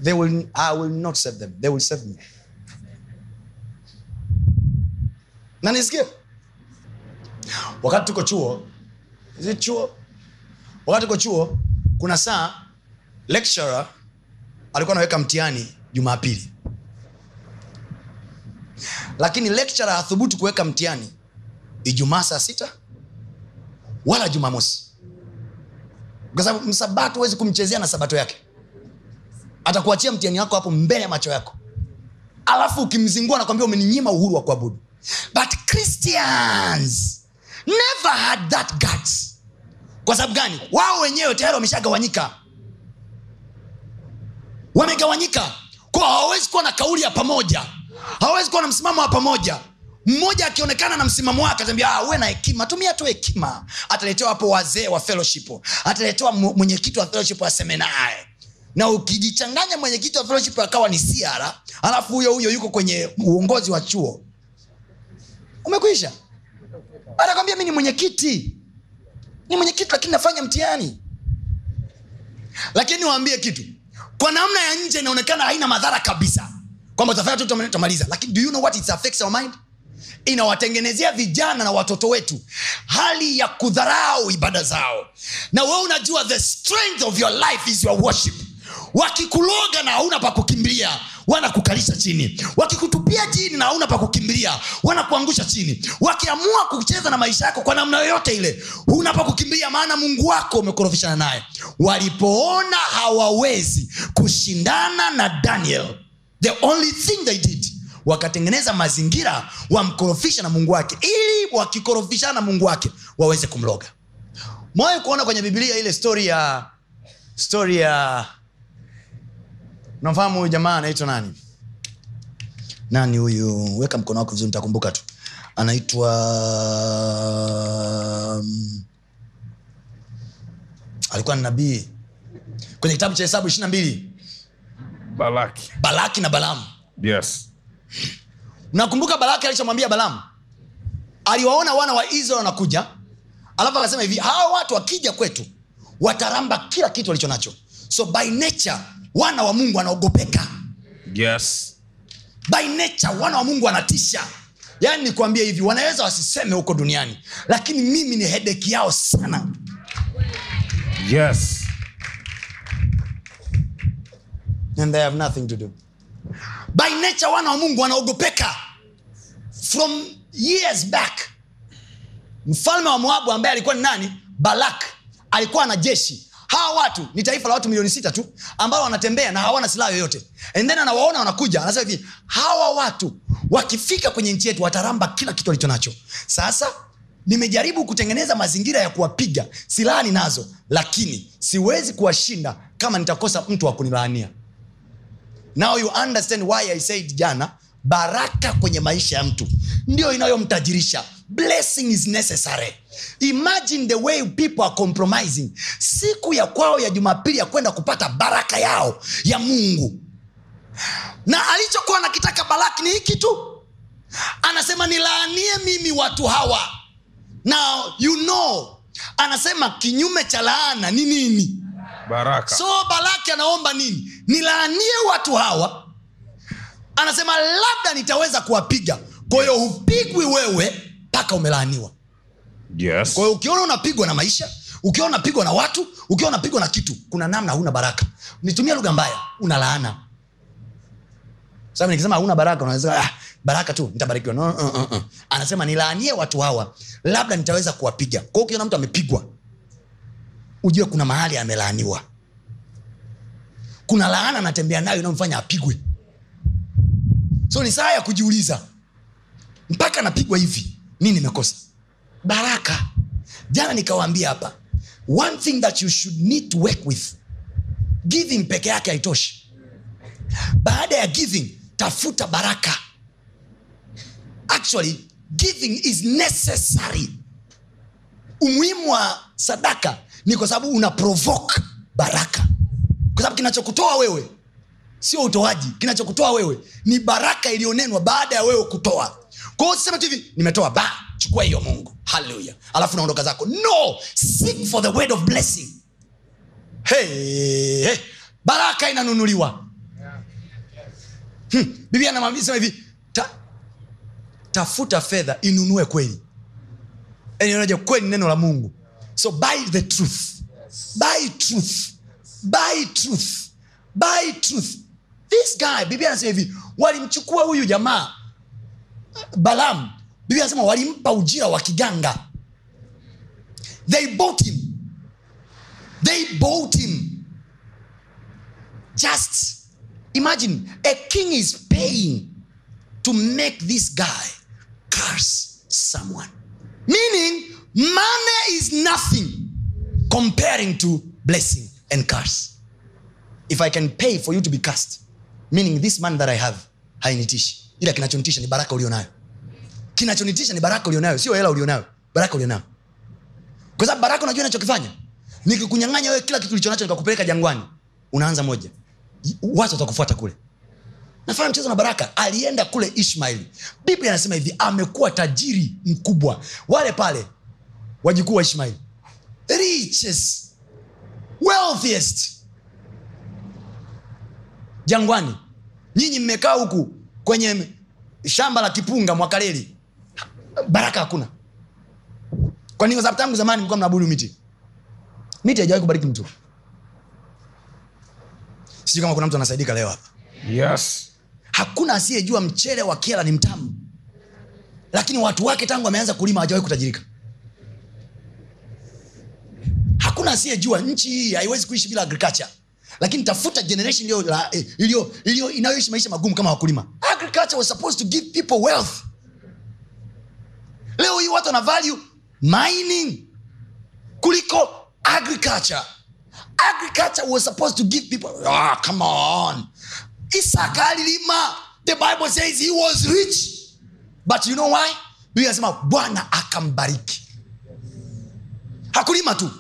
they will, i will not save them they will save me na wakati tuko chuo chuo wakati tuko chuo kuna saa lecturer alikuwa anaweka mtihani jumapili lakini lecturer athubuti kuweka mtihani ijumaa saa sita wala jumamosi kwa sababu msabato huwezi kumchezea na sabato yake atakuachia mtihani wako hapo mbele ya macho yako alafu ukimzingua nakwambia umeninyima uhuru wa kuabudu but christians never had that guts kwa sababu gani wao wenyewe tayari wameshagawanyika wamegawanyika kwa hawawezi kuwa na kauli ya pamoja hawawezi kuwa na msimamo wa pamoja mmoja akionekana na msimamo wake ataambia uwe ah, na hekima tumia tu hekima ataletewa hapo wazee wa fellowship ataletewa mwenyekiti wa fellowship wa seminari na ukijichanganya mwenyekiti wa fellowship akawa ni siara alafu huyo huyo yuko kwenye uongozi wa chuo umekwisha anakwambia mi ni mwenyekiti ni mwenyekiti lakini nafanya mtihani lakini niwaambie kitu kwa namna ya nje inaonekana haina madhara kabisa kwamba utafanya tutamaliza lakini do you know what it affects our mind inawatengenezea vijana na watoto wetu hali ya kudharau ibada zao na we unajua the strength of your life is your worship wakikuloga na hauna pakukimbilia wanakukalisha chini wakikutupia chini na hauna pa kukimbilia wanakuangusha chini wakiamua kucheza na maisha yako kwa namna yoyote ile huna pa kukimbilia maana mungu wako umekorofishana naye walipoona hawawezi kushindana na daniel the only thing they did wakatengeneza mazingira wamkorofisha na mungu wake ili wakikorofishana na mungu wake waweze kumloga mwawai kuona kwenye bibilia ile stori ya stori ya unamfahamu huyu jamaa anaitwa nani nani huyu weka mkono wako vizuri ntakumbuka tu anaitwa mm, alikuwa ni nabii kwenye kitabu cha hesabu ishiri na mbili balaki balaki na balamu yes nakumbuka balaki alichomwambia balamu aliwaona wana wa israel wanakuja alafu akasema hivi hawa watu wakija kwetu wataramba kila kitu walicho nacho so by nature wana wa mungu anaogopeka yes by nature wana wa mungu anatisha yaani nikuambia hivi wanaweza wasiseme huko duniani lakini mimi ni hedeki yao sana yes and they have nothing to do by nature wana wa mungu wanaogopeka from years back mfalme wa moabu ambaye alikuwa ni nani balak alikuwa na jeshi hawa watu ni taifa la watu milioni sita tu ambao wanatembea na hawana silaha yoyote then anawaona wanakuja anasema hivi hawa watu wakifika kwenye nchi yetu wataramba kila kitu alicho nacho sasa nimejaribu kutengeneza mazingira ya kuwapiga silaha ninazo lakini siwezi kuwashinda kama nitakosa mtu wa kunilaania now you understand why i said jana baraka kwenye maisha ya mtu ndio inayomtajirisha blessing is necessary imagine the way people are compromising siku ya kwao ya jumapili ya kwenda kupata baraka yao ya mungu na alichokuwa nakitaka baraki ni hiki tu anasema nilaanie mimi watu hawa na you know anasema kinyume cha laana ni nini baraka so baraki anaomba nini nilaanie watu hawa anasema labda nitaweza kuwapiga kwa hiyo hupigwi wewe mpaka umelaaniwa yes. kwa ukiona unapigwa na maisha ukiwa unapigwa na watu ukiwa unapigwa na kitu kuna namna hauna baraka nitumia lugha mbaya una laana sababu nikisema hauna baraka unaweza ah, baraka tu nitabarikiwa no, uh, uh, uh. anasema nilaanie watu hawa labda nitaweza kuwapiga kwao ukiona mtu amepigwa ujue kuna mahali amelaaniwa kuna laana anatembea nayo inayomfanya apigwe so ni saa ya kujiuliza mpaka napigwa hivi nini nimekosa baraka jana nikawaambia hapa one thing that you should need to work with giving peke yake haitoshi baada ya giving tafuta baraka actually giving is necessary umuhimu wa sadaka ni kwa sababu una provoke baraka kwa sababu kinachokutoa wewe sio utoaji kinachokutoa wewe ni baraka iliyonenwa baada ya wewe kutoa kwao sisema tu hivi nimetoa baa chukua hiyo mungu haleluya alafu naondoka zako no seek for the word of blessing hey, hey. baraka inanunuliwa hmm. biblia namsema hivi ta, tafuta fedha inunue kweli yaani naje kweli neno la mungu so buy the truth buy truth buy truth buy truth this guy biblia anasema hivi walimchukua huyu jamaa balamu biblia anasema walimpa ujira wa kiganga they bought him they bought him just imagine a king is paying to make this guy curse someone meaning money is nothing comparing to blessing and curse if i can pay for you to be cursed meaning this man that i have hainitishi ila kinachonitisha ni baraka ulio nayo kinachonitisha ni baraka ulionayo sio hela ulionayo baraka ulionayo kwa sababu baraka unajua inachokifanya nikikunyang'anya wewe kila kitu ulichonacho nikakupeleka jangwani unaanza moja watu watakufuata kule nafanya mchezo na baraka alienda kule ishmaeli biblia anasema hivi amekuwa tajiri mkubwa wale pale wajikuu wa ishmaeli riches wealthiest jangwani nyinyi mmekaa huku kwenye shamba la kipunga mwakaleli baraka hakuna kwa nini sababu tangu zamani mlikuwa mnaabudu miti miti haijawahi kubariki mtu sijui kama kuna mtu anasaidika leo hapa yes hakuna asiyejua mchele wa kiela ni mtamu lakini watu wake tangu wameanza kulima hawajawahi kutajirika hakuna asiyejua nchi hii haiwezi kuishi bila agriculture lakini tafuta generation iliyo eh, inayoishi maisha magumu kama wakulima agriculture was supposed to give people wealth leo hii watu wana mining kuliko agriculture agriculture was supposed to give people ah, come on isaka alilima the bible says he was rich but you know why bwana akambariki hakulima tu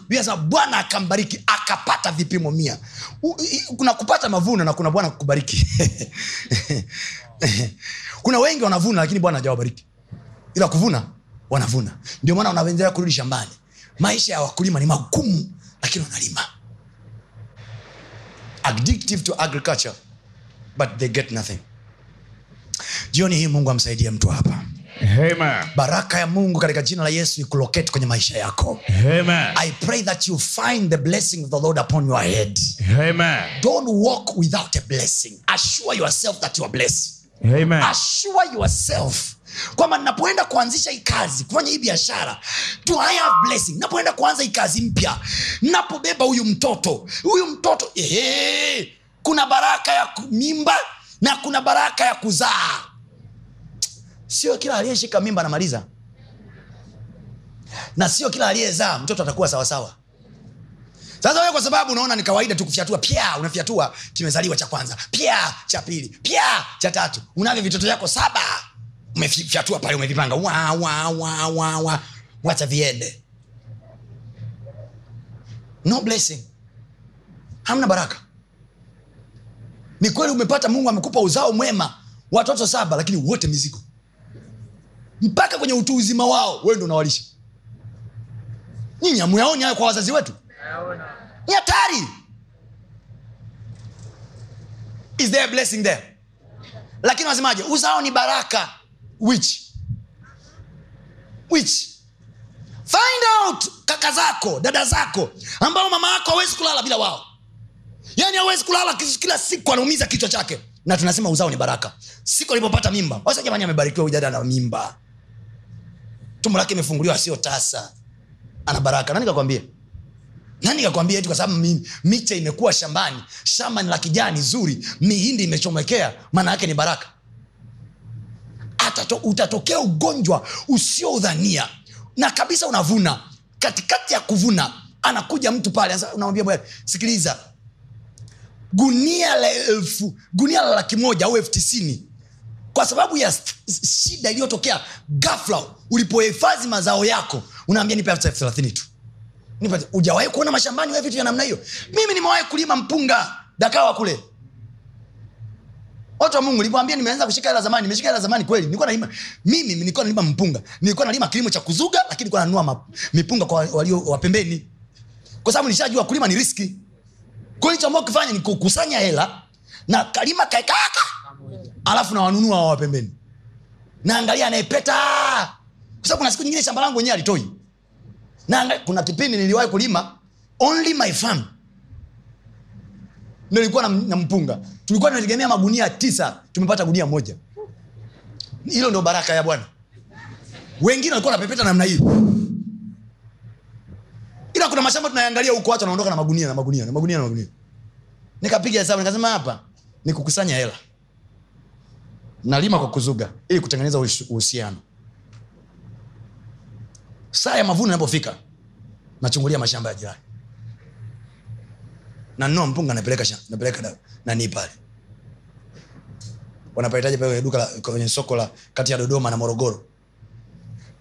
bwana akambariki akapata vipimo mia kuna kupata mavuno na kuna bwana kukubariki kuna wengi wanavuna lakini bwana hajawabariki ila kuvuna wanavuna ndio maana wanaendelea kurudi shambani maisha ya wakulima ni magumu lakini wanalima addictive to agriculture but they get nothing jioni hii mungu amsaidie mtu hapa Amen. baraka ya mungu katika jina la yesu ikuloketi kwenye maisha yako Amen. i pray that you find the blessing of the lord upon your head Amen. don't walk without a blessing assure yourself that you are blessed Amen. assure yourself kwamba ninapoenda kuanzisha hii kazi kufanya hii biashara napoenda kuanza hii kazi mpya napobeba huyu mtoto huyu mtoto ehe, kuna baraka ya mimba na kuna baraka ya kuzaa sio kila aliyeshika mimba anamaliza na sio kila aliyezaa mtoto atakuwa sawasawa sasa wewe kwa sababu unaona ni kawaida tu kufyatua pia unafyatua kimezaliwa cha kwanza pia cha pili pia cha tatu unavyo vitoto vyako saba umefyatua pale umevipanga wa, wacha viende no blessing hamna baraka ni kweli umepata mungu amekupa uzao mwema watoto saba lakini wote mizigo mpaka kwenye utu uzima wao wendo unawalisha nyinyi amuyaoni hayo kwa wazazi wetu ni hatari is there a blessing there lakini wasemaje uzao ni baraka which which find out kaka zako dada zako ambao mama yako hawezi kulala bila wao yani hawezi kulala kila siku anaumiza kichwa chake na tunasema uzao ni baraka siku alipopata mimba wasa jamani amebarikiwa huyu dada na mimba tumbo lake imefunguliwa asio tasa ana baraka nani kakwambia nani kakwambia eti kwa sababu miche imekuwa shambani shamba ni la kijani zuri mihindi imechomekea maana yake ni baraka atato, utatokea ugonjwa usioudhania na kabisa unavuna katikati ya kuvuna anakuja mtu pale unamwambia bwana sikiliza gunia la elfu gunia la laki moja au elfu tisini kwa sababu ya shida iliyotokea gafla ulipohifadhi mazao yako unaambia nipe elfu thelathini tu ujawahi kuona mashambani vitu vya namna hiyo mimi nimewahi kulima mpunga dakawa kule watu wa mungu nilipoambia nimeanza kushika hela zamani nimeshika hela zamani kweli nilikuwa nalima mimi nilikuwa nalima mpunga nilikuwa nalima kilimo cha kuzuga lakini nilikuwa nanua mipunga kwa walio wa pembeni. kwa sababu nishajua kulima ni riski kwa hiyo ambao kifanya ni kukusanya hela na kalima kaekaka alafu na wanunua wao wapembeni naangalia anayepeta kwa sababu kuna siku nyingine shamba langu wenyewe alitoi na kuna kipindi niliwahi kulima only my farm nilikuwa na, na mpunga tulikuwa tunategemea magunia tisa tumepata gunia moja hilo ndo baraka ya bwana wengine walikuwa wanapepeta namna hiyo ila kuna mashamba tunayangalia huko watu wanaondoka na magunia na magunia na magunia na magunia nikapiga hesabu nikasema hapa ni kukusanya hela nalima kwa kuzuga ili kutengeneza uhusiano saa ya mavuno inapofika nachungulia mashamba ya jirani nanunua mpunga napeleka napeleka nani pale wanapahitaji pale duka kwenye soko la kati ya dodoma na morogoro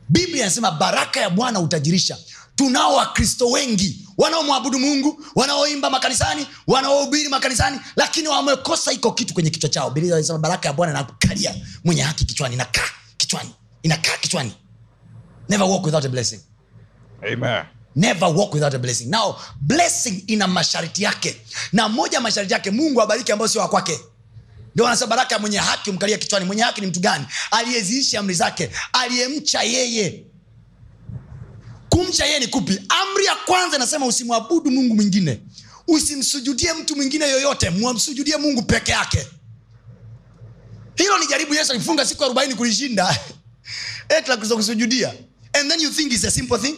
biblia inasema baraka ya bwana utajirisha tunao wakristo wengi wanaomwabudu mungu wanaoimba makanisani wanaohubiri makanisani lakini wamekosa iko kitu kwenye kichwa chao biblia baraka ya bwana nakalia mwenye haki kichwani inakaa kichwani inakaa kichwani never walk without a blessing Amen never walk without a blessing now blessing ina masharti yake na moja masharti yake mungu abariki ambayo sio wakwake ndio anasema baraka ya mwenye haki umkalia kichwani mwenye haki ni mtu gani aliyeziishi amri zake aliyemcha yeye kumcha yeye ni kupi amri ya kwanza inasema usimwabudu mungu mwingine usimsujudie mtu mwingine yoyote mwamsujudie mungu peke yake hilo ni jaribu yesu alifunga siku arobaini kulishinda etla eh, kusujudia and then you think is a simple thing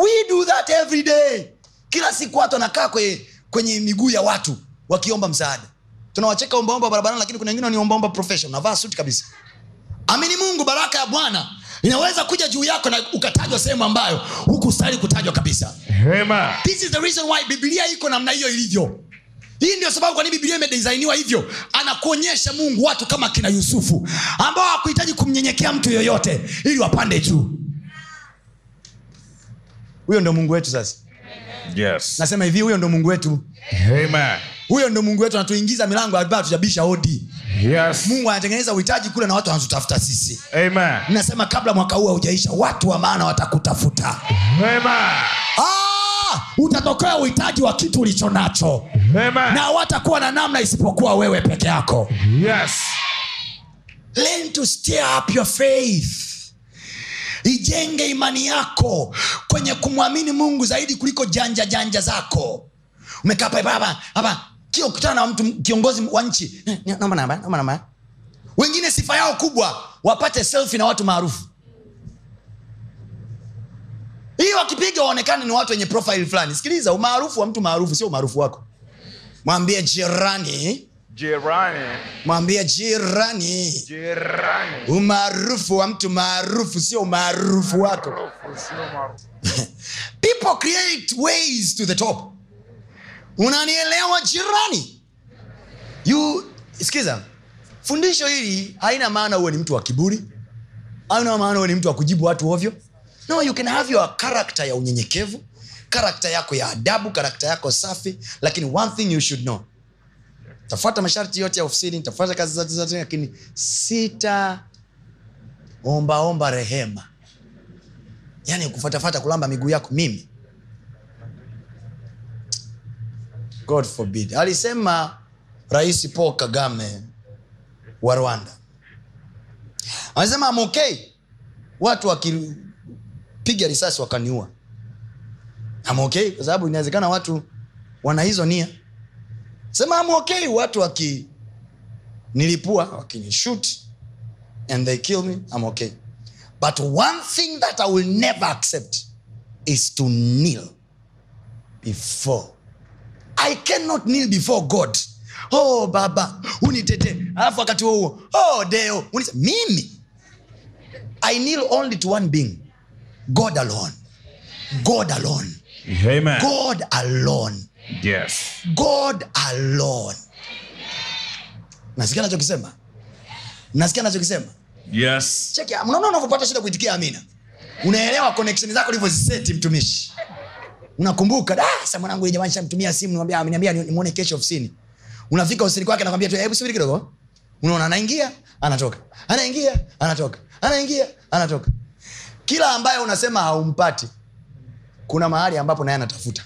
we do that every day kila siku watu anakaa kwenye, kwenye miguu ya watu wakiomba msaada tunawacheka ombaomba barabarani lakini kuna wengine waniombaomba ombaomba profession navaa suti kabisa amini mungu baraka ya bwana inaweza kuja juu yako na ukatajwa sehemu ambayo hukustahili kutajwa kabisa Hema. this is the reason why biblia iko namna hiyo ilivyo hii ndio sababu kwa nini biblia imedisainiwa hivyo anakuonyesha mungu watu kama kina yusufu ambao hakuhitaji kumnyenyekea mtu yoyote ili wapande juu huyo ndo mungu wetu sasa yes. nasema hivi huyo ndo mungu wetu Amen. huyo ndo mungu wetu anatuingiza milango ambayo tujabisha hodi yes. mungu anatengeneza uhitaji kule na watu wanazotafuta sisi Amen. nasema kabla mwaka huu haujaisha watu wa maana watakutafuta Ah, utatokea uhitaji wa kitu ulicho nacho na watakuwa na namna isipokuwa wewe peke yako yes. Learn to up your faith ijenge imani yako kwenye kumwamini mungu zaidi kuliko janja janja zako umekaa hapa ukutana na mtu kiongozi wa nchi eh, eh, wengine sifa yao kubwa wapate selfi na watu maarufu hii wakipiga waonekane ni watu wenye profile fulani sikiliza umaarufu wa mtu maarufu sio umaarufu wako mwambie jirani jirani. Mwambie jirani, Umaarufu wa mtu maarufu sio umaarufu wako. People create ways to the top. Unanielewa jirani? You sikiza. Fundisho hili haina maana huwe ni mtu wa kiburi. Haina maana huwe ni mtu wa kujibu watu ovyo. No, you can have your character ya unyenyekevu, karakta yako ya adabu, karakta yako safi, lakini one thing you should know tafuata masharti yote ya ofisini, tafuata kazi zote zote, lakini sita ombaomba rehema, yani kufatafata kulamba miguu yako mimi. God forbid. Alisema Rais Paul Kagame wa Rwanda, anasema amokei watu wakipiga risasi wakaniua. Amokei kwa sababu inawezekana watu wana hizo nia sema I'm okay, watu wakinilipua wakinishut and they kill me I'm okay, but one thing that I will never accept is to kneel before I cannot kneel before God. Oh baba unitete, alafu wakati huo o oh deo unise mimi I kneel only to one being God alone. God alone. Amen. God alone yes god alone nasikia nachokisema nasikia nachokisema yes cheki mnaona unavyopata shida kuitikia amina unaelewa connection zako ulivyoziseti mtumishi unakumbuka da sa mwanangu jamani shamtumia simu niambia ah, ameniambia nimuone kesho ofisini unafika ofisini kwake nakwambia tu eh, hebu subiri kidogo unaona anaingia anatoka anaingia anatoka anaingia anatoka kila ambaye unasema haumpati kuna mahali ambapo naye anatafuta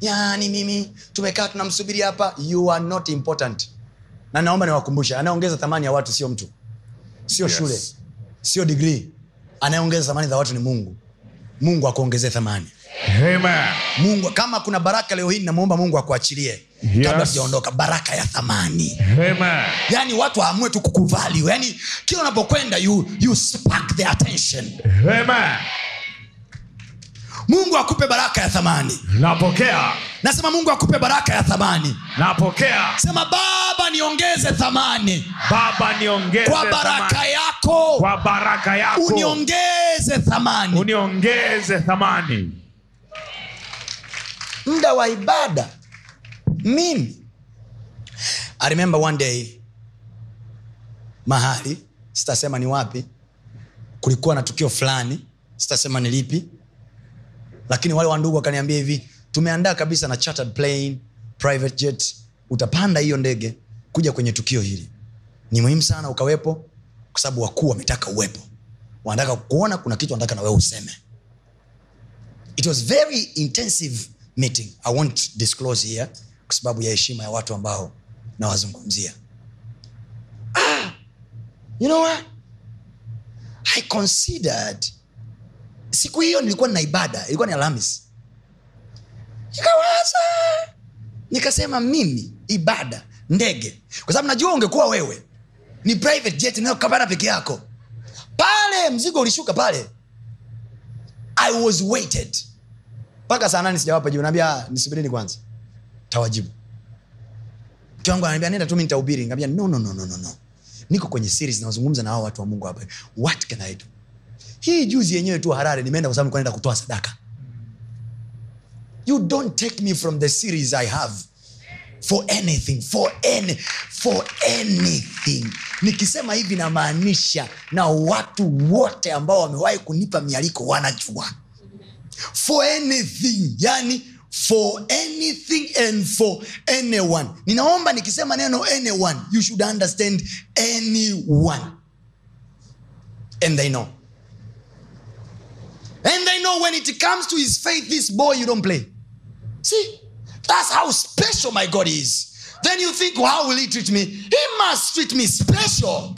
yani mimi tumekaa tunamsubiri hapa you are not important na naomba niwakumbushe anayeongeza thamani ya watu sio mtu sio yes. shule sio digrii anayeongeza thamani za watu ni mungu mungu akuongezee thamani Amen. mungu kama kuna baraka leo hii namwomba mungu akuachilie yes. kabla sijaondoka baraka ya thamani Amen. yani watu waamue tu kukuvalue yani kila unapokwenda you, you spark the attention Amen mungu akupe baraka ya thamani napokea nasema mungu akupe baraka ya thamani napokea sema baba niongeze thamani baba niongeze kwa baraka thamani. yako kwa baraka yako uniongeze thamani uniongeze thamani muda wa ibada mimi i remember one day mahali sitasema ni wapi kulikuwa na tukio fulani sitasema ni lipi lakini wale wandugu wakaniambia hivi tumeandaa kabisa na plane private jet utapanda hiyo ndege kuja kwenye tukio hili ni muhimu sana ukawepo kwa sababu wakuu wametaka uwepo wanataka kuona kuna kitu wanataka nawewe useme it was very intensive meeting i won't disclose here kwa sababu ya heshima ya watu ambao nawazungumzia ah, you know what i considered siku hiyo nilikuwa nina ibada ilikuwa ni alhamis nikawaza nikasema mimi ibada ndege kwa sababu najua ungekuwa wewe ni private jet inayokapana peke yako pale mzigo ulishuka pale i was waited mpaka saa nane sijawapa jibu naambia ah, nisubirini kwanza tawajibu mke wangu ananiambia nenda tu mi nitahubiri ngambia no, no, no, no, no. niko kwenye series zinazungumza na hao watu wa mungu hapa what can i do hii juzi yenyewe tu harare nimeenda kwa sababu nenda kutoa sadaka you don't take me from the series i have for anything for any, for anything nikisema hivi namaanisha na watu wote ambao wamewahi kunipa mialiko wanajua for anything yani for anything and for anyone ninaomba nikisema neno anyone you should understand anyone and they know And they know when it comes to his faith, this boy, you don't play. See, that's how special my God is. Then you think, well, how will he treat me? He must treat me special.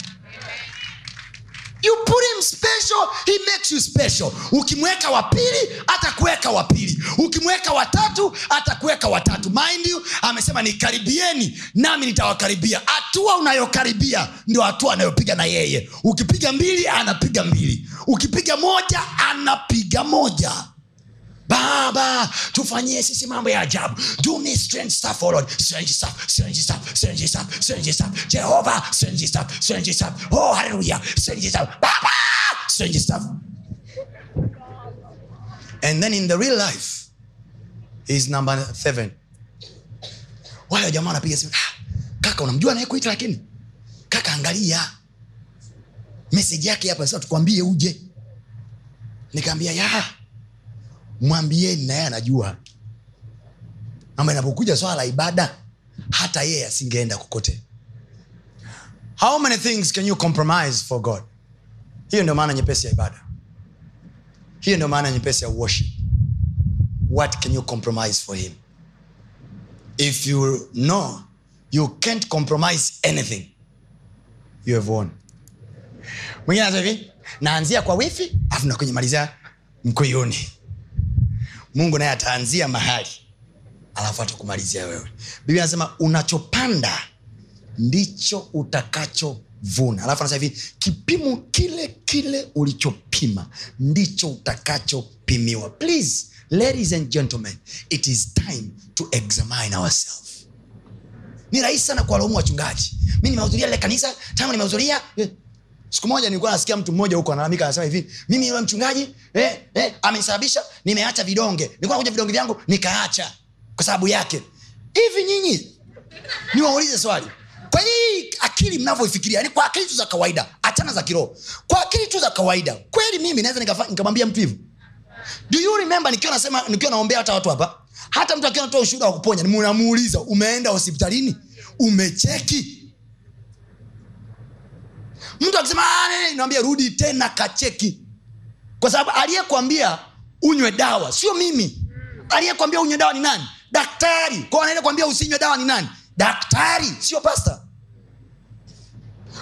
you put him special he makes you special ukimweka wa pili atakuweka wa pili ukimweka watatu atakuweka watatu mind you amesema nikaribieni nami nitawakaribia hatua unayokaribia ndio hatua anayopiga na yeye ukipiga mbili anapiga mbili ukipiga moja anapiga moja baba tufanyie sisi mambo ya ajabu do me strange stuff oh lord strange stuff strange stuff strange stuff strange stuff jehova strange stuff strange stuff oh hallelujah strange stuff baba strange stuff and then in the real life is number seven wale jamaa wanapiga simu ah, kaka unamjua anayekuita lakini kaka angalia meseji yake hapa sasa tukwambie uje nikaambia ya mwambieni naye anajua ama inapokuja swala la ibada hata yeye asingeenda kokote how many things can you compromise for god hiyo ndio maana nyepesi ya ibada hiyo ndio maana nyepesi ya uoshi what can you compromise for him if you know you can't compromise anything you have won mwingine anasema hivi naanzia kwa wifi afu nakunyemalizia mkuyuni mungu naye ataanzia mahali alafu atakumalizia wewe biblia anasema unachopanda ndicho utakachovuna alafu anasema hivi kipimo kile kile ulichopima ndicho utakachopimiwa please ladies and gentlemen it is time to examine ourselves ni rahisi sana kuwalaumu wachungaji mi nimehudhuria lile kanisa tangu nimehudhuria eh, siku moja nilikuwa nasikia mtu mmoja huko analamika anasema hivi mimi yule mchungaji eh, eh, amesababisha nimeacha vidonge nilikuwa nakuja vidonge vyangu nikaacha kwa sababu yake hivi nyinyi niwaulize swali kwa hii akili mnavyoifikiria yani kwa akili tu za kawaida achana za kiroho kwa akili tu za kawaida kweli mimi naweza nikamwambia mtu hivyo do you remember nikiwa nasema nikiwa naombea hata watu hapa hata mtu akiwa natoa ushuhuda wa kuponya namuuliza umeenda hospitalini umecheki mtu akisema ah, nawambia rudi tena kacheki kwa sababu aliyekwambia unywe dawa sio mimi aliyekwambia unywe dawa ni nani daktari kwa anayekwambia usinywe dawa ni nani daktari sio pasta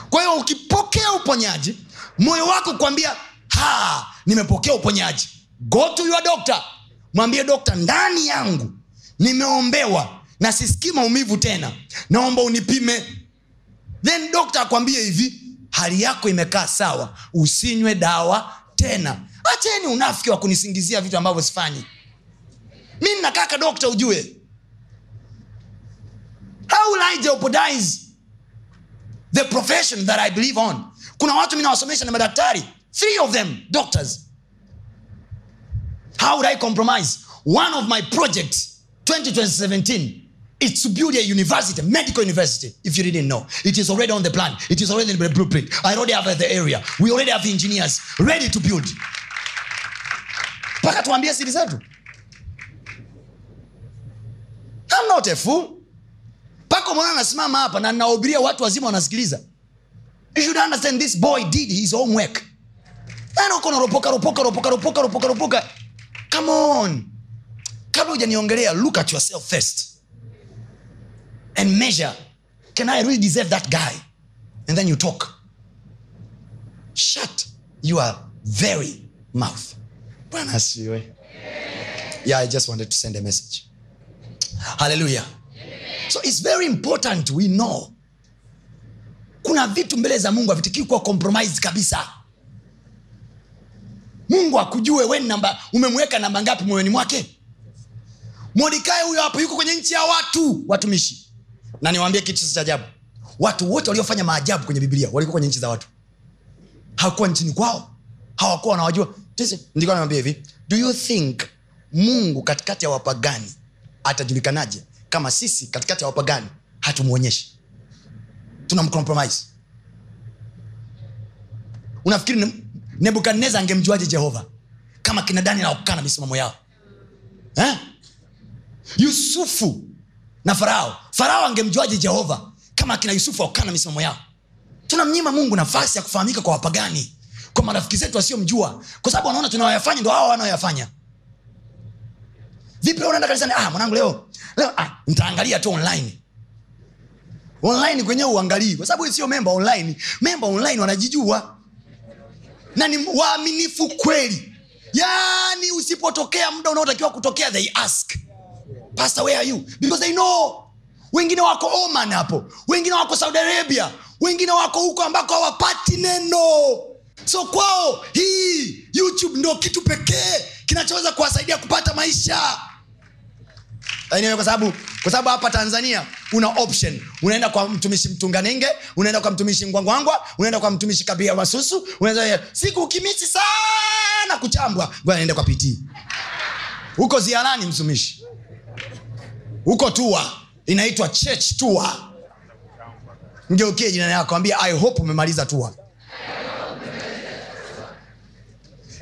kwa hiyo ukipokea uponyaji moyo wako kuambia ha nimepokea uponyaji go to your doctor mwambie dokta ndani yangu nimeombewa na sisikii maumivu tena naomba unipime then dokta akwambie hivi hali yako imekaa sawa usinywe dawa tena acheni unafiki wa kunisingizia vitu ambavyo sifanyi mi nakaka dokta ujue how will i jeopardize the profession that i believe on kuna watu minawasomesha na madaktari three of them doctors how would i compromise one of my project 2017 It's to build a university, medical university, if you didn't know. It is already on the plan. It is already in the blueprint. I already have the area. We already have engineers ready to build. tuambie siri zetu. I'm not a fool. mwana hapa na watu wazima wanasikiliza. You should understand this boy did his homework. Yaani ropoka ropoka ropoka ropoka ropoka. Come on. Kabla hujaniongelea, look at yourself first and measure can I really deserve that guy? And then you talk. Shut your very mouth. Yeah, I just wanted to send a message. Hallelujah. So it's very important we know kuna vitu mbele za mungu havitikii kuwa compromised kabisa mungu akujue we namba umemweka namba ngapi moyoni mwake modikae huyo hapo yuko kwenye nchi ya watu watumishi na niwaambie kitu cha ajabu watu wote waliofanya maajabu kwenye biblia walikuwa kwenye nchi za watu hawakuwa nchini kwao hawakuwa wanawajua nilikuwa naambia hivi do you think mungu katikati ya wapagani atajulikanaje kama sisi katikati ya wapagani hatumwonyeshi tunamcompromise unafikiri nebukadnezar angemjuaje jehova kama kina daniel awakukana misimamo yao eh? yusufu na farao farao angemjuaje jehova kama akina yusufu aukana misomo yao tunamnyima mungu nafasi ya kufahamika kwa wapagani kwa marafiki zetu wasiomjua kwa sababu wanaona tunawayafanya ndo hawa wanaoyafanya vipi leo unaenda kanisani ah mwanangu leo leo ah, ntaangalia tu online online kwenyewe uangalii kwa sababu sio memba online memba online wanajijua na ni waaminifu kweli yaani usipotokea muda unaotakiwa kutokea they ask pastor where are you because they know wengine wako oman hapo wengine wako saudi arabia wengine wako huko ambako hawapati neno so kwao hii youtube ndo kitu pekee kinachoweza kuwasaidia kupata maisha kwa sababu hapa tanzania una option unaenda kwa mtumishi mtunganinge unaenda kwa mtumishi ngwangwangwa unaenda kwa mtumishi kabia masusu unaenda siku ukimisi sana kuchambwa naenda kwa pitii huko ziarani mtumishi huko tua inaitwa church tua mgeukie jina yako ambia i hope umemaliza tua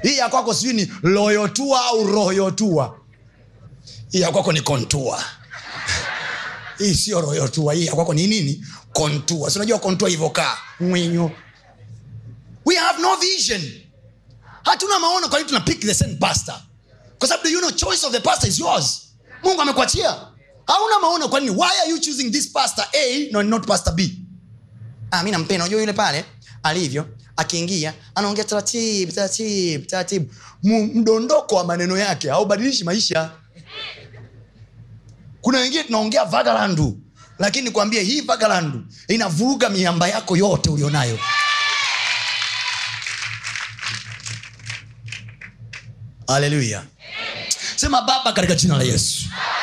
hii ya kwako sijui ni loyotua au royotua hii ya kwako ni kontua hii sio royotua hii ya kwako ni nini kontua sinajua kontua ivokaa mwinyo we have no vision hatuna maono kwa nini tuna pick the same pastor kwa sababu you know choice of the pastor is yours mungu amekuachia hauna maono kwanini why are you choosing this pastor a no, not pastor b ah, mi nampenda najua yule pale alivyo akiingia anaongea taratibu taratibu taratibu mdondoko wa maneno yake aubadilishi maisha kuna wengine tunaongea vagalandu lakini nikwambie hii vagalandu inavuruga miamba yako yote ulionayo aleluya sema baba katika jina la yesu Amen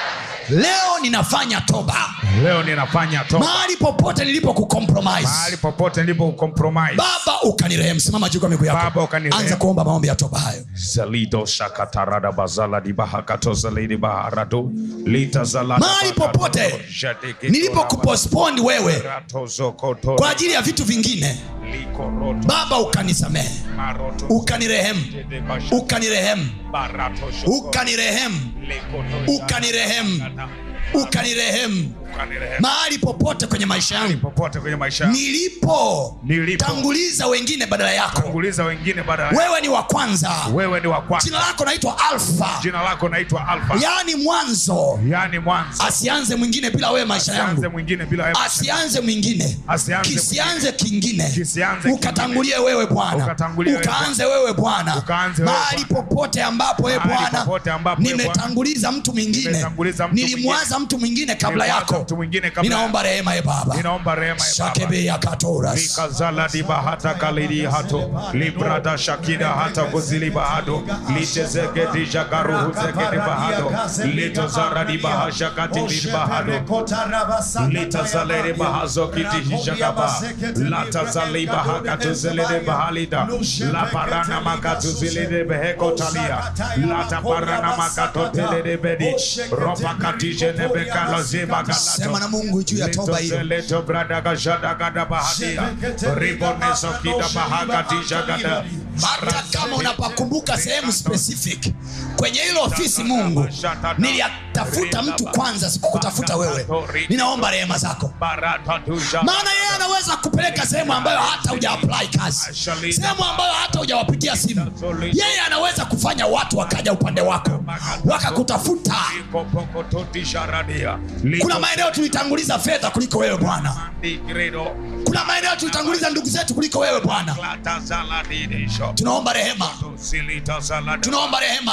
leo ninafanya toba leo ninafanya toba mahali popote nilipokukompromise mahali popote nilipokukompromise baba ukanirehemu simama juu kwa miguu yako baba ukanirehemu anza kuomba maombi ya toba hayo zalido shakatarada bazala dibaha katoza lidi baharado litazala mahali popote nilipokupostpone wewe kwa ajili ya vitu vingine baba ukanisamehe ukanirehemu ukanirehemu ukanirehemu ukanirehemu ukanirehemu mahali popote kwenye maisha yangu nilipo tanguliza wengine badala yako wengine badala wewe ni wa kwanza jina lako naitwa alfa yaani mwanzo yani asianze mwingine bila wewe maisha yangu asianze mwingine kisianze kingine ukatangulie wewe bwana ukaanze wewe bwana mahali popote ambapo e bwana nimetanguliza mtu mwingine nilimwaza mtu mwingine kabla yako watu wengine kabla. Ninaomba rehema e Baba. Ninaomba rehema e Baba. Shakebe ya katora. Likazala diba hata kalidi hato. Librada shakida hata kuzili bahado. Litezeke dija garuhu zeke di bahado. Litozara diba hasha katili bahado. Litazale diba hazo kiti hijagaba. Latazali bahaka tuzele de bahalida. La parana maka zile de beheko talia. Lata parana makato tele de bedi. Ropa katije nebekala zebagala. sema na mungu juu ya toba hiyo hata kama unapakumbuka sehemu specific kwenye hilo ofisi mungu nilia tafuta mtu kwanza sikukutafuta wewe ninaomba rehema zako maana yeye anaweza kupeleka sehemu ambayo hata hujaapply kazi sehemu ambayo hata hujawapigia simu yeye anaweza kufanya watu wakaja upande wako wakakutafuta kuna maeneo tulitanguliza fedha kuliko wewe bwana kuna maeneo tulitanguliza ndugu zetu kuliko wewe bwana tunaomba rehema tunaomba rehema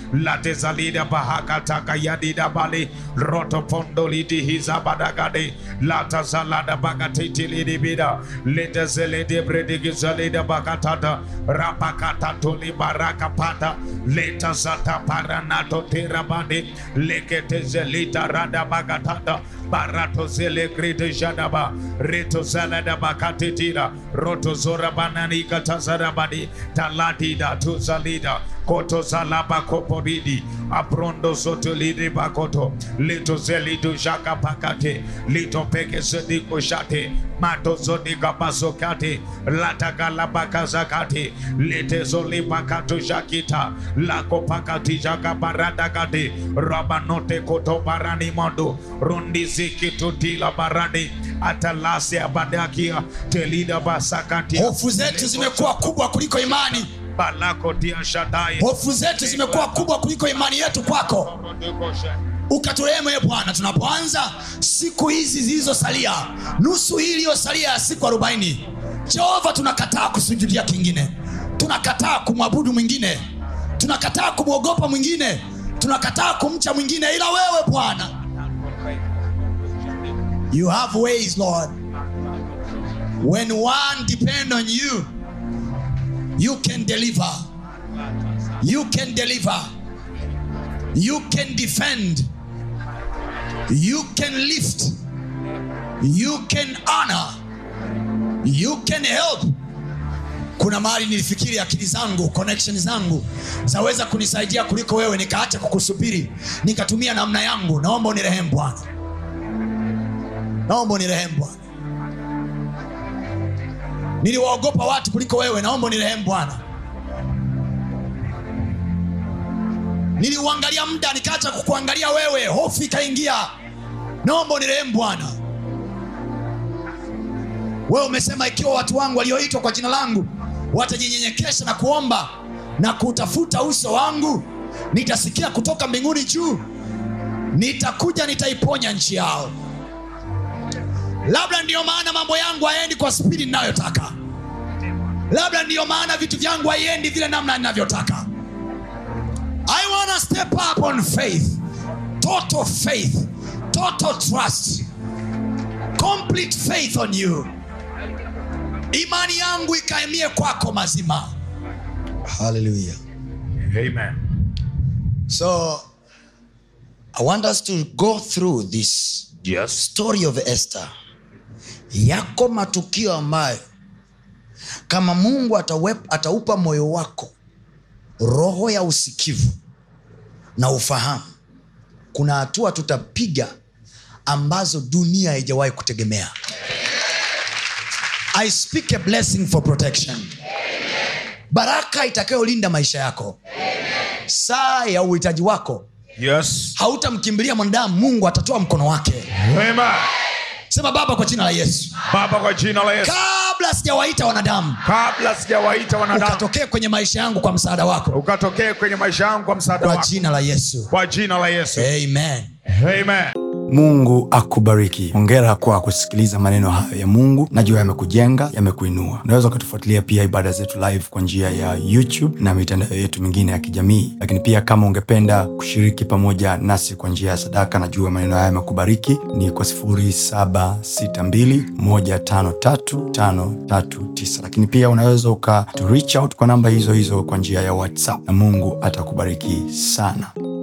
Latezalida Bahakataka Yadida Bali Rotopondo Lidi Hizabadagade Latazalada Bagatiti Lidi Bida Letazalede Bredigizalida Bakatata Rapakata Tuli Barakapata Letazata Paranato Tirabadi Leketezelita Rada Bagatata Barato Zele Grete Jadaba Reto Zalada Bakatitira Roto Zora Bananika Tazarabadi Taladida Tuzalida koto zalaba koporidi aprondo zoto lidi bakoto lito zelidu jaka pakate lito peke zediko kushate mato zodika basokate latagala bakazakate lite zoli bakato jakita lako pakati jaka raba note koto barani mondo rundi zikitu dila barani atalasi abadakia telida basakati hofu zetu zimekuwa kubwa kuliko imani Hofu zetu zimekuwa kubwa kuliko imani yetu kwako, ukaturehemu ye Bwana. Tunapoanza siku hizi zilizosalia, nusu hii iliyosalia ya siku arobaini, Jehova, tunakataa kusujudia kingine, tunakataa kumwabudu mwingine, tunakataa kumwogopa mwingine, tunakataa kumcha mwingine ila wewe Bwana. You have ways, Lord. When one depend on you you can deliver you can deliver you can defend you can lift you can honor you can help kuna mahali nilifikiri akili zangu connection zangu zaweza kunisaidia kuliko wewe nikaacha kukusubiri nikatumia namna yangu naomba unirehemu bwana naomba unirehemu bwana niliwaogopa watu kuliko wewe naomba nirehemu bwana niliuangalia muda nikaacha kukuangalia wewe hofu ikaingia naomba nirehemu bwana wewe umesema ikiwa watu wangu walioitwa kwa jina langu watajinyenyekesha na kuomba na kutafuta uso wangu nitasikia kutoka mbinguni juu nitakuja nitaiponya nchi yao labda ndiyo maana mambo yangu haendi kwa spidi ninayotaka labda ndiyo maana vitu vyangu haiendi vile namna ninavyotaka i wanna step up on faith total faith total trust complete faith on you imani yangu ikaemie kwako mazima haleluya amen so i want us to go through this yes. story of esther yako matukio ambayo kama mungu atawep, ataupa moyo wako roho ya usikivu na ufahamu kuna hatua tutapiga ambazo dunia haijawahi kutegemea I speak a blessing for protection Amen. baraka itakayolinda maisha yako Amen. saa ya uhitaji wako yes. hautamkimbilia mwanadamu mungu atatoa mkono wake Amen. Amen sema baba kwa jina la yesu baba kwa jina la yesu kabla sijawaita wanadamu kabla sijawaita wanadamu ukatokee kwenye maisha yangu kwa msaada wako ukatokee kwenye maisha yangu kwa msaada wako kwa jina la yesu kwa jina la yesu amen amen Mungu akubariki. Hongera kwa kusikiliza maneno hayo ya Mungu, najua yamekujenga, yamekuinua. Unaweza ukatufuatilia pia ibada zetu live kwa njia ya YouTube na mitandao yetu mingine ya kijamii, lakini pia kama ungependa kushiriki pamoja nasi kwa njia ya sadaka, najua maneno hayo yamekubariki, ni kwa 0762153539 lakini pia unaweza ukatu reach out kwa namba hizo hizo kwa njia ya WhatsApp na Mungu atakubariki sana.